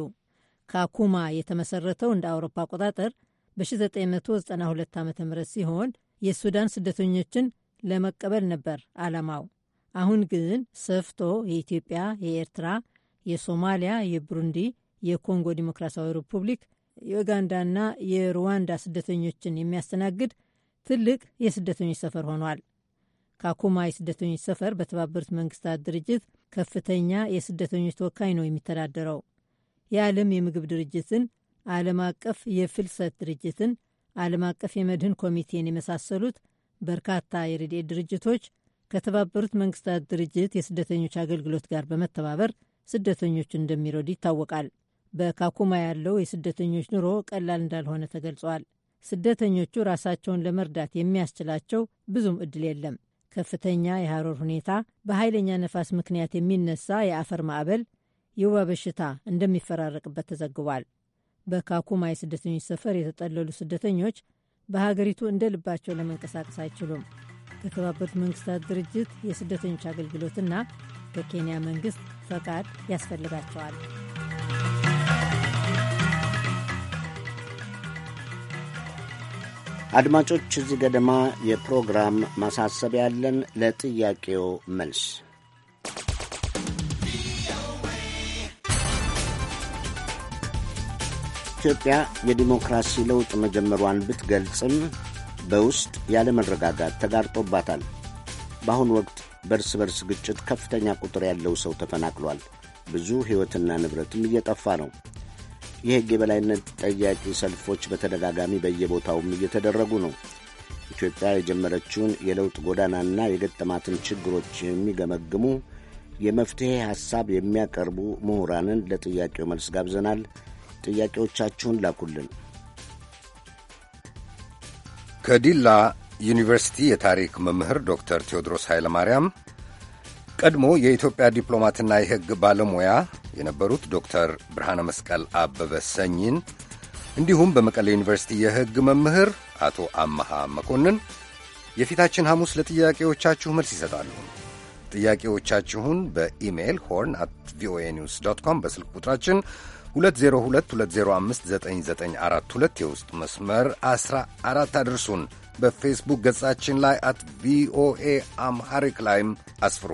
ካኩማ የተመሠረተው እንደ አውሮፓ አቆጣጠር በ1992 ዓ ም ሲሆን የሱዳን ስደተኞችን ለመቀበል ነበር ዓላማው። አሁን ግን ሰፍቶ የኢትዮጵያ፣ የኤርትራ፣ የሶማሊያ፣ የቡሩንዲ፣ የኮንጎ ዲሞክራሲያዊ ሪፑብሊክ፣ የኡጋንዳና የሩዋንዳ ስደተኞችን የሚያስተናግድ ትልቅ የስደተኞች ሰፈር ሆኗል። ካኩማ የስደተኞች ሰፈር በተባበሩት መንግስታት ድርጅት ከፍተኛ የስደተኞች ተወካይ ነው የሚተዳደረው። የዓለም የምግብ ድርጅትን ዓለም አቀፍ የፍልሰት ድርጅትን፣ ዓለም አቀፍ የመድህን ኮሚቴን የመሳሰሉት በርካታ የረድኤት ድርጅቶች ከተባበሩት መንግስታት ድርጅት የስደተኞች አገልግሎት ጋር በመተባበር ስደተኞች እንደሚረዱ ይታወቃል። በካኩማ ያለው የስደተኞች ኑሮ ቀላል እንዳልሆነ ተገልጿል። ስደተኞቹ ራሳቸውን ለመርዳት የሚያስችላቸው ብዙም እድል የለም። ከፍተኛ የሐሮር ሁኔታ፣ በኃይለኛ ነፋስ ምክንያት የሚነሳ የአፈር ማዕበል፣ የወባ በሽታ እንደሚፈራረቅበት ተዘግቧል። በካኩማ የስደተኞች ሰፈር የተጠለሉ ስደተኞች በሀገሪቱ እንደ ልባቸው ለመንቀሳቀስ አይችሉም። ከተባበሩት መንግስታት ድርጅት የስደተኞች አገልግሎትና ከኬንያ መንግስት ፈቃድ ያስፈልጋቸዋል። አድማጮች፣ እዚህ ገደማ የፕሮግራም ማሳሰቢያ ያለን ለጥያቄው መልስ ኢትዮጵያ የዲሞክራሲ ለውጥ መጀመሯን ብትገልጽም በውስጥ ያለመረጋጋት ተጋርጦባታል። በአሁኑ ወቅት በእርስ በርስ ግጭት ከፍተኛ ቁጥር ያለው ሰው ተፈናቅሏል። ብዙ ሕይወትና ንብረትም እየጠፋ ነው። የሕግ የበላይነት ጠያቂ ሰልፎች በተደጋጋሚ በየቦታውም እየተደረጉ ነው። ኢትዮጵያ የጀመረችውን የለውጥ ጎዳናና የገጠማትን ችግሮች የሚገመግሙ የመፍትሔ ሐሳብ የሚያቀርቡ ምሁራንን ለጥያቄው መልስ ጋብዘናል። ጥያቄዎቻችሁን ላኩልን። ከዲላ ዩኒቨርሲቲ የታሪክ መምህር ዶክተር ቴዎድሮስ ኃይለማርያም ቀድሞ የኢትዮጵያ ዲፕሎማትና የሕግ ባለሙያ የነበሩት ዶክተር ብርሃነ መስቀል አበበ ሰኝን እንዲሁም በመቀሌ ዩኒቨርሲቲ የሕግ መምህር አቶ አመሃ መኮንን የፊታችን ሐሙስ ለጥያቄዎቻችሁ መልስ ይሰጣሉ። ጥያቄዎቻችሁን በኢሜይል ሆርን አት ቪኦኤ ኒውስ ዶት ኮም በስልክ ቁጥራችን 2022059942 የውስጥ መስመር 14 አድርሱን። በፌስቡክ ገጻችን ላይ አት ቪኦኤ አምሃሪክ ላይም አስፍሩ።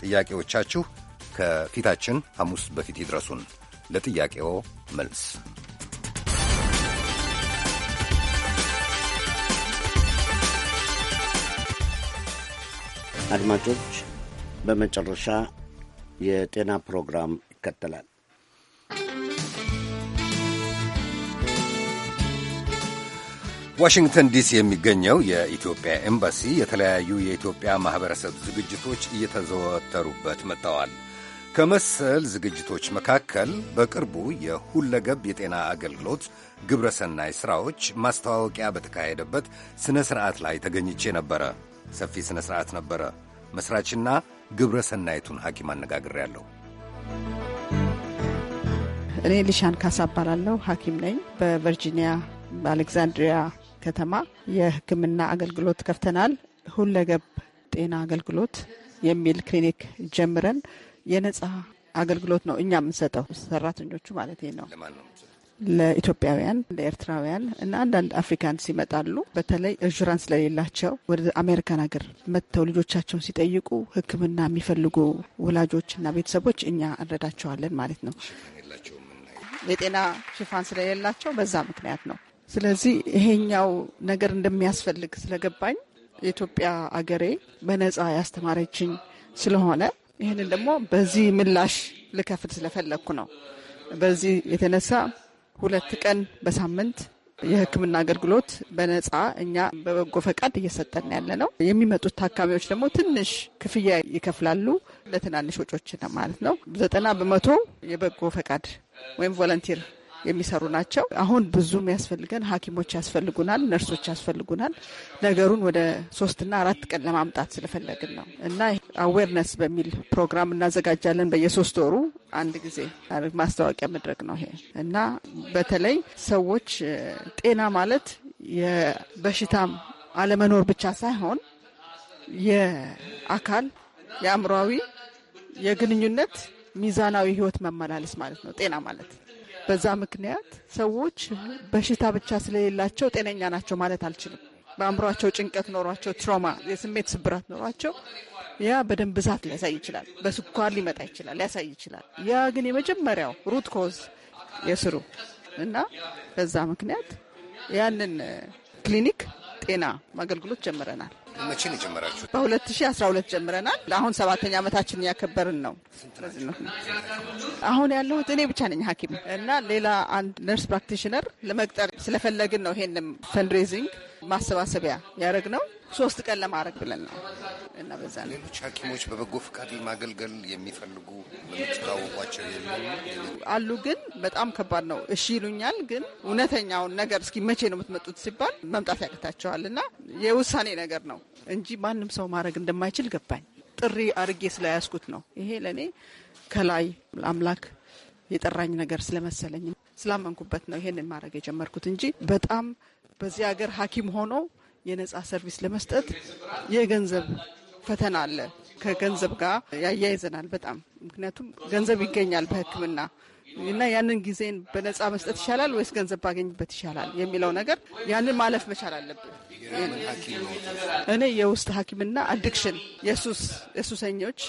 ጥያቄዎቻችሁ ከፊታችን ሐሙስ በፊት ይድረሱን። ለጥያቄዎ መልስ አድማጮች፣ በመጨረሻ የጤና ፕሮግራም ይከተላል። ዋሽንግተን ዲሲ የሚገኘው የኢትዮጵያ ኤምባሲ የተለያዩ የኢትዮጵያ ማኅበረሰብ ዝግጅቶች እየተዘወተሩበት መጥተዋል። ከመሰል ዝግጅቶች መካከል በቅርቡ የሁለገብ የጤና አገልግሎት ግብረ ሰናይ ሥራዎች ማስተዋወቂያ በተካሄደበት ሥነ ሥርዓት ላይ ተገኝቼ ነበረ። ሰፊ ሥነ ሥርዓት ነበረ። መሥራችና ግብረ ሰናይቱን ሐኪም አነጋግሬያለሁ። እኔ ልሻን ካሳ እባላለሁ። ሐኪም ነኝ። በቨርጂኒያ በአሌክዛንድሪያ ከተማ የሕክምና አገልግሎት ከፍተናል። ሁለገብ ጤና አገልግሎት የሚል ክሊኒክ ጀምረን የነጻ አገልግሎት ነው እኛ የምንሰጠው ሰራተኞቹ ማለት ነው። ለኢትዮጵያውያን፣ ለኤርትራውያን እና አንዳንድ አፍሪካን ሲመጣሉ በተለይ ኢንሹራንስ ስለሌላቸው ወደ አሜሪካን ሀገር መጥተው ልጆቻቸውን ሲጠይቁ ህክምና የሚፈልጉ ወላጆችና ቤተሰቦች እኛ እንረዳቸዋለን ማለት ነው። የጤና ሽፋን ስለሌላቸው በዛ ምክንያት ነው። ስለዚህ ይሄኛው ነገር እንደሚያስፈልግ ስለገባኝ የኢትዮጵያ አገሬ በነጻ ያስተማረችኝ ስለሆነ ይህንን ደግሞ በዚህ ምላሽ ልከፍል ስለፈለግኩ ነው። በዚህ የተነሳ ሁለት ቀን በሳምንት የሕክምና አገልግሎት በነጻ እኛ በበጎ ፈቃድ እየሰጠን ያለ ነው። የሚመጡት ታካሚዎች ደግሞ ትንሽ ክፍያ ይከፍላሉ፣ ለትናንሽ ወጪዎች ማለት ነው። ዘጠና በመቶ የበጎ ፈቃድ ወይም ቮለንቲር የሚሰሩ ናቸው። አሁን ብዙ የሚያስፈልገን ሐኪሞች ያስፈልጉናል፣ ነርሶች ያስፈልጉናል። ነገሩን ወደ ሶስትና አራት ቀን ለማምጣት ስለፈለግን ነው እና አዌርነስ በሚል ፕሮግራም እናዘጋጃለን በየሶስት ወሩ አንድ ጊዜ ማስታወቂያ መድረክ ነው ይሄ እና በተለይ ሰዎች ጤና ማለት የበሽታም አለመኖር ብቻ ሳይሆን የአካል የአእምሯዊ፣ የግንኙነት ሚዛናዊ ህይወት መመላለስ ማለት ነው ጤና ማለት። በዛ ምክንያት ሰዎች በሽታ ብቻ ስለሌላቸው ጤነኛ ናቸው ማለት አልችልም። በአእምሯቸው ጭንቀት ኖሯቸው፣ ትሮማ የስሜት ስብራት ኖሯቸው ያ በደም ብዛት ሊያሳይ ይችላል። በስኳር ሊመጣ ይችላል፣ ሊያሳይ ይችላል። ያ ግን የመጀመሪያው ሩት ኮዝ የስሩ እና በዛ ምክንያት ያንን ክሊኒክ ጤና አገልግሎት ጀምረናል። መቼ ነው የጀመራችሁ? በ2012 ጀምረናል። አሁን ሰባተኛ ዓመታችንን ያከበርን ነው። አሁን ያለሁት እኔ ብቻ ነኝ ሐኪም እና ሌላ አንድ ነርስ ፕራክቲሽነር ለመቅጠር ስለፈለግን ነው ይሄንም ፈንድሬዚንግ ማሰባሰቢያ ያደረግ ነው። ሶስት ቀን ለማድረግ ብለን ነው እና በዛ ሌሎች ሐኪሞች በበጎ ፍቃድ ማገልገል የሚፈልጉ የምትታወቋቸው አሉ፣ ግን በጣም ከባድ ነው። እሺ ይሉኛል፣ ግን እውነተኛውን ነገር እስኪ መቼ ነው የምትመጡት ሲባል መምጣት ያቅታቸዋል። እና የውሳኔ ነገር ነው እንጂ ማንም ሰው ማድረግ እንደማይችል ገባኝ። ጥሪ አድርጌ ስለያዝኩት ነው። ይሄ ለእኔ ከላይ አምላክ የጠራኝ ነገር ስለመሰለኝ ስላመንኩበት ነው ይሄንን ማድረግ የጀመርኩት እንጂ በጣም በዚህ ሀገር ሐኪም ሆኖ የነጻ ሰርቪስ ለመስጠት የገንዘብ ፈተና አለ። ከገንዘብ ጋር ያያይዘናል በጣም ምክንያቱም ገንዘብ ይገኛል በሕክምና እና ያንን ጊዜን በነጻ መስጠት ይሻላል ወይስ ገንዘብ ባገኝበት ይሻላል የሚለው ነገር ያንን ማለፍ መቻል አለብን። እኔ የውስጥ ሐኪምና አዲክሽን የሱሰኞች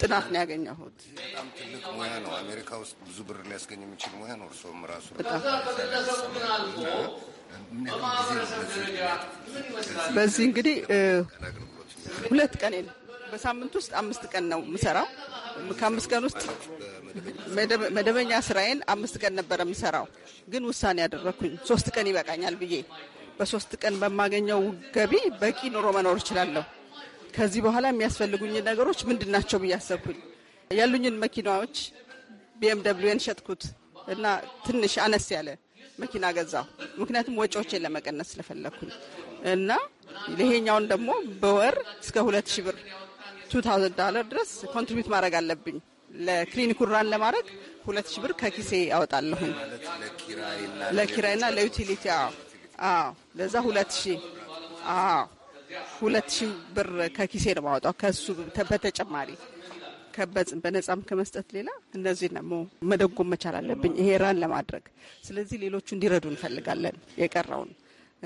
ጥናት ነው ያገኘሁት። በጣም ትልቅ ሙያ ነው። አሜሪካ ውስጥ ብዙ ብር ሊያስገኝ የሚችል ሙያ ነው። እርስዎም ራሱ በዚህ እንግዲህ ሁለት ቀን በሳምንት ውስጥ አምስት ቀን ነው የምሰራው። ከአምስት ቀን ውስጥ መደበኛ ስራዬን አምስት ቀን ነበረ የምሰራው፣ ግን ውሳኔ ያደረግኩኝ ሶስት ቀን ይበቃኛል ብዬ በሶስት ቀን በማገኘው ገቢ በቂ ኑሮ መኖር እችላለሁ። ከዚህ በኋላ የሚያስፈልጉኝ ነገሮች ምንድን ናቸው ብዬ አሰብኩኝ። ያሉኝን መኪናዎች ቢኤምደብሊውን ሸጥኩት እና ትንሽ አነስ ያለ መኪና ገዛው። ምክንያቱም ወጪዎችን ለመቀነስ ስለፈለግኩኝ እና ይሄኛውን ደግሞ በወር እስከ ሁለት ሺ ብር ቱ ታውዘንድ ዳለር ድረስ ኮንትሪቢዩት ማድረግ አለብኝ ለክሊኒኩን ራን ለማድረግ ሁለት ሺ ብር ከኪሴ ያወጣለሁኝ ለኪራይና ለዩቲሊቲ። ለዛ ሁለት ሺ ሁለት ሺ ብር ከኪሴ ነው ማወጣው ከሱ በተጨማሪ በነጻም ከመስጠት ሌላ እነዚህ ደግሞ መደጎም መቻል አለብኝ፣ ይሄ ራን ለማድረግ ስለዚህ ሌሎቹ እንዲረዱ እንፈልጋለን። የቀረውን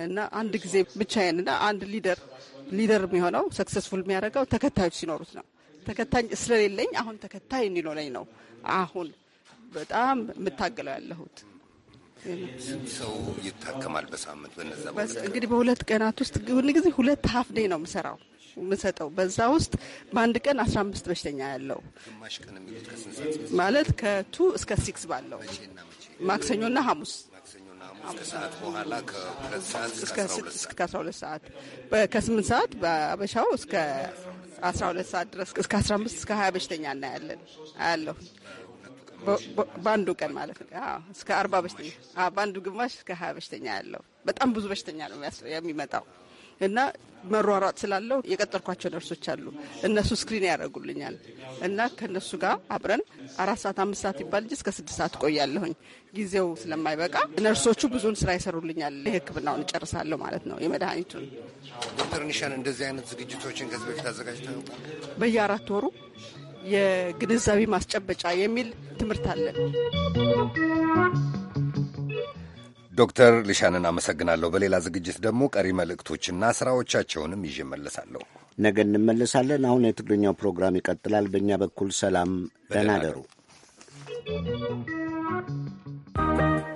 እና አንድ ጊዜ ብቻዬን እና አንድ ሊደር ሊደር የሚሆነው ሰክሰስፉል የሚያደርገው ተከታዮች ሲኖሩት ነው። ተከታይ ስለሌለኝ አሁን ተከታይ እንዲኖረኝ ነው አሁን በጣም የምታገለው ያለሁት ሰው ይታከማል። በሳምንት በነዛ እንግዲህ በሁለት ቀናት ውስጥ ሁል ጊዜ ሁለት ሀፍ ዴይ ነው የምሰራው የምሰጠው በዛ ውስጥ በአንድ ቀን አስራ አምስት በሽተኛ ያለው ማለት ከቱ እስከ ሲክስ ባለው ማክሰኞና ሐሙስ እስከ አስራ ሁለት ሰዓት ከስምንት ሰዓት በአበሻው እስከ አስራ ሁለት ሰዓት ድረስ እስከ አስራ አምስት እስከ ሀያ በሽተኛ እናያለን አያለሁ በአንዱ ቀን ማለት ነው። እስከ አርባ በሽተኛ በአንዱ ግማሽ እስከ ሀያ በሽተኛ ያለው በጣም ብዙ በሽተኛ ነው የሚመጣው። እና መሯሯጥ ስላለው የቀጠርኳቸው ነርሶች አሉ። እነሱ ስክሪን ያደርጉልኛል እና ከእነሱ ጋር አብረን አራት ሰዓት አምስት ሰዓት ይባል እንጂ እስከ ስድስት ሰዓት ቆያለሁኝ። ጊዜው ስለማይበቃ ነርሶቹ ብዙውን ስራ ይሰሩልኛል። የሕክምናውን እጨርሳለሁ ማለት ነው። የመድኃኒቱን ዶክተር ኒሻን እንደዚህ አይነት ዝግጅቶችን ከዚህ በፊት አዘጋጅተ በየአራት ወሩ የግንዛቤ ማስጨበጫ የሚል ትምህርት አለን። ዶክተር ልሻንን አመሰግናለሁ። በሌላ ዝግጅት ደግሞ ቀሪ መልእክቶችና ስራዎቻቸውንም ይዤ እመለሳለሁ። ነገ እንመለሳለን። አሁን የትግርኛው ፕሮግራም ይቀጥላል። በእኛ በኩል ሰላም፣ ደህና you.